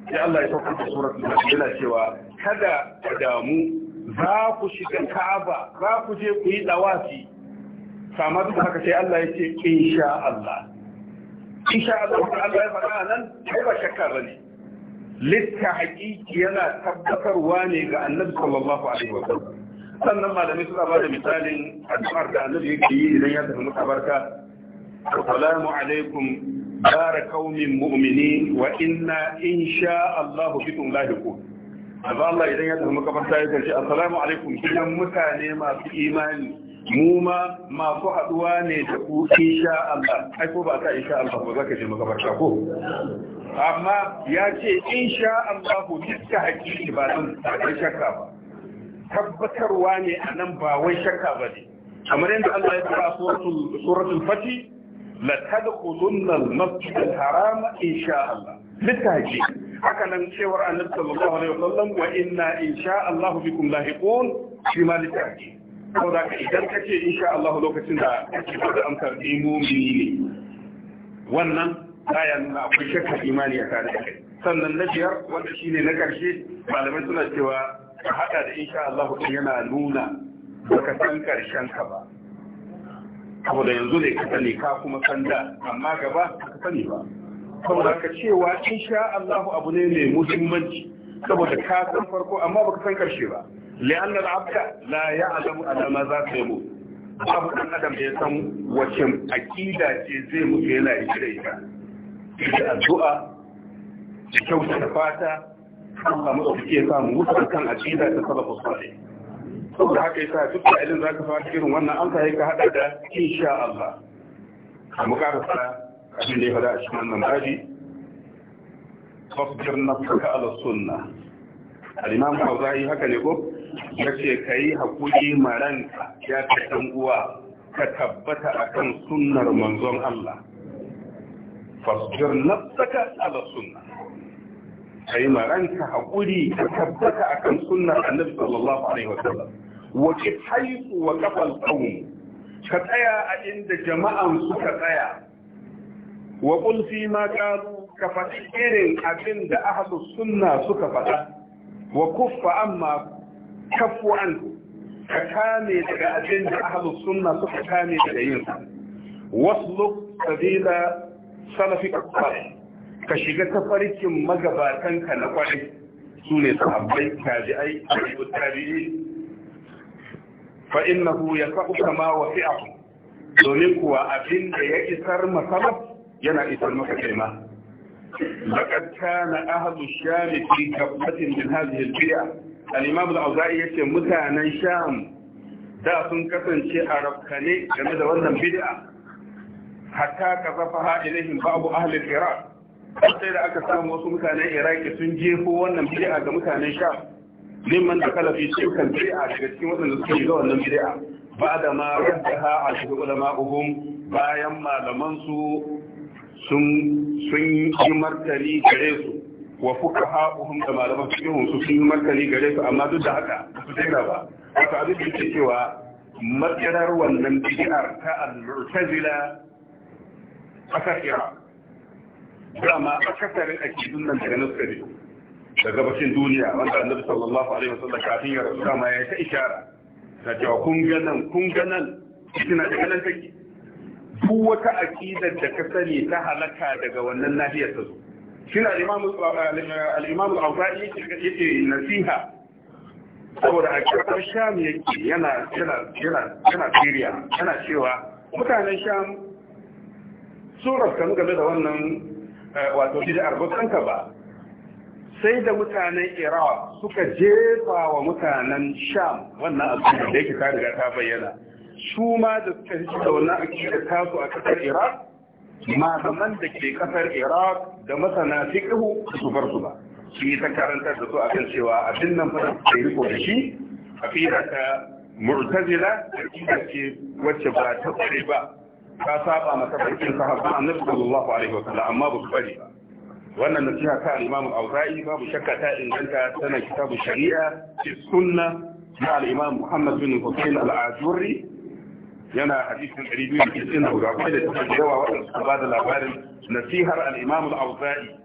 Ya Allah ya sauka da suratul yana cewa kada ka damu za ku shiga Ka'aba za ku je ku yi dawafi sama duk haka sai Allah ya ce insha Allah insha Allah Allah ya faɗa nan kai ba shakka bane litta haƙiƙi yana tabbatarwa ne ga annabi sallallahu alaihi wa sallam sannan malamai suna ba da misalin addu'ar da annabi yake yi idan ya tafi barka, assalamu alaikum bara qaumin mu'minin wa inna insha Allah bikum lahiqun azza Allah idan ya tafi barka ya kace assalamu alaikum idan mutane masu imani mu ma masu haduwa ne da ku insha Allah ai ko ba ka insha Allah ba za ka maka barka ko amma ya ce in sha Allah duka hakiki ba don tsarin shakka ba tabbatarwa ne a nan ba wai shakka ba ne kamar yadda Allah ya fara suratul fati la tadkhulunna al-masjid al-haram in sha Allah litaji haka nan cewar annabi sallallahu alaihi wasallam wa inna in sha Allah bikum lahiqun shi ma ko da idan kace in sha Allah lokacin da kake da amsar imumi eh, ne wannan baya nuna akwai shakka imani a tare da kai sannan na biyar wanda shine na karshe malamai suna cewa ka hada da insha Allah din yana nuna baka san karshen ka ba saboda yanzu ne ka sani ka kuma san da amma gaba ka sani ba saboda ka cewa insha Allah abu ne mai muhimmanci saboda ka san farko amma baka san karshe ba li'anna al-abda la ya'lamu ala ma za ta yamut Abu ɗan adam da ya san wacce akida ce zai mutu yana rike da ita da addu'a da kyautata fata samu madaukake ya samu mutu kan aqida ta salafu salih saboda haka yasa duk da idan zaka fara irin wannan an sa sai ka haɗa da insha Allah mu ka fara abin da ya fada a cikin wannan babi fasbir nafsaka ala sunna al-imam Fawzai haka ne ko ka yi hakuri maranka ya ta dan uwa ka tabbata akan sunnar manzon Allah fasbir nafsaka ala sunna kai ma ranka hakuri ka tabbata akan sunnar annabi sallallahu alaihi wasallam wa ki wa qafal qawm ka tsaya a inda jama'an suka tsaya wa qul fi ma qalu ka faɗi irin abin da ahlus sunna suka faɗa wa kuffa amma kafu an? ka kame daga abin da ahlus sunna suka kame daga yin wasluk sabila salafi kwarai ka shiga magabatan ka na kwarai su ne sahabbai tabi'ai tabi'u tabi'i fa innahu yaqa'u kama fi'a domin kuwa abin da ya isar masalaf yana isar maka kaima ma لقد كان أهل الشام في كبة من هذه البيئة الإمام الأوزاعي يقول متى نشام دا sun kasance a rafkane game da wannan bid'a hatta ka zafa ha'ilihin babu ahlul iraq sai da aka samu wasu mutanen iraki sun jefo wannan bid'a ga mutanen sha man da kala fi shirkan bid'a daga cikin waɗanda suke shiga wannan bid'a da ma raddaha a ulama uhum bayan malaman su sun sun yi martani gare su wa uhum da malaman su sun yi martani gare su amma duk da haka su daina ba haka abin da yake cewa matsalar wannan bid'ar ta al-mu'tazila ƙasar iraq dama akasarin akidun nan daga nuskari da gabashin duniya wanda annabi sallallahu alaihi wa wasallam kafin ya rasu dama ya ta ishara Ta cewa kun ga kun ganan nan kina daga nan take duk wata akidar da ka sani ta halaka daga wannan nahiyar ta zo shine al-imam al-imam al-awza'i yake nasiha saboda a kasar sham yake yana yana yana yana Syria yana cewa mutanen sham sun kan game da wannan eh, wato bid'ar ba ba sai da mutanen iraq suka jefa wa mutanen sham wannan abin da yake ta riga ta bayyana su ma da suka shi da wannan akidar tasu a kasar iraq malaman da ke kasar iraq da masana fiqhu su bar su ba su yi ta karantar da su a kan cewa abin nan fa sai riko da shi a ta mu'tazila da ke wacce ba ta ƙware ba ka saba maka bakin sahabban annabi sallallahu alaihi wasallam amma ba su bari ba wannan nasiha ta al-Imam Al-Auza'i babu shakka ta inganta tana kitabu shari'a fi sunna na al-Imam Muhammad bin Hussein al-Ajurri yana hadisin 290 ga kai da yawa wanda suka ba da labarin nasihar al-Imam Al-Auza'i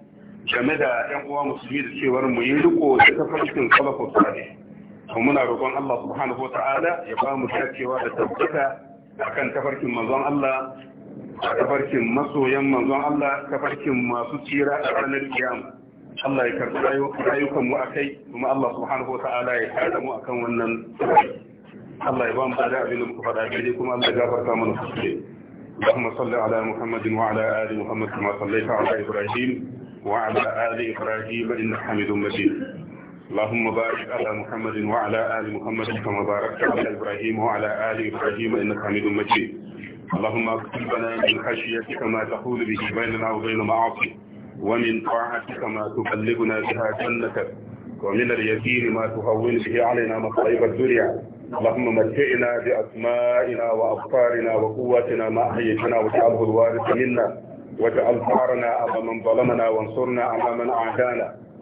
game da yan uwa musulmi da cewar mu yi riko da tafarkin salafus salih kuma muna roƙon Allah subhanahu wa ta'ala ya ba mu dacewa da tabbata akan tafarkin manzon Allah tafarkin masoyan manzon Allah tafarkin masu tsira a ranar kiyama Allah ya karɓi rayukan mu akai kuma Allah subhanahu wata'ala ya kada mu akan wannan Allah ya ba mu da abin da muka faɗa daidai kuma Allah ya gafarta mana kuskure اللهم صل على محمد وعلى آل محمد كما صليت على إبراهيم وعلى آل إبراهيم إنك حميد مجيد اللهم بارك على محمد وعلى آل محمد كما باركت على إبراهيم وعلى آل إبراهيم إنك حميد مجيد اللهم اكتب لنا من خشيتك ما تحول به بيننا وبين معاصيك ومن طاعتك ما تبلغنا بها جنتك ومن اليقين ما تهون به علينا مصائب الدنيا اللهم متعنا بأسمائنا وأبصارنا وقوتنا ما أحييتنا واجعله الوارث منا واجعل ثارنا على من ظلمنا وانصرنا على من أعدانا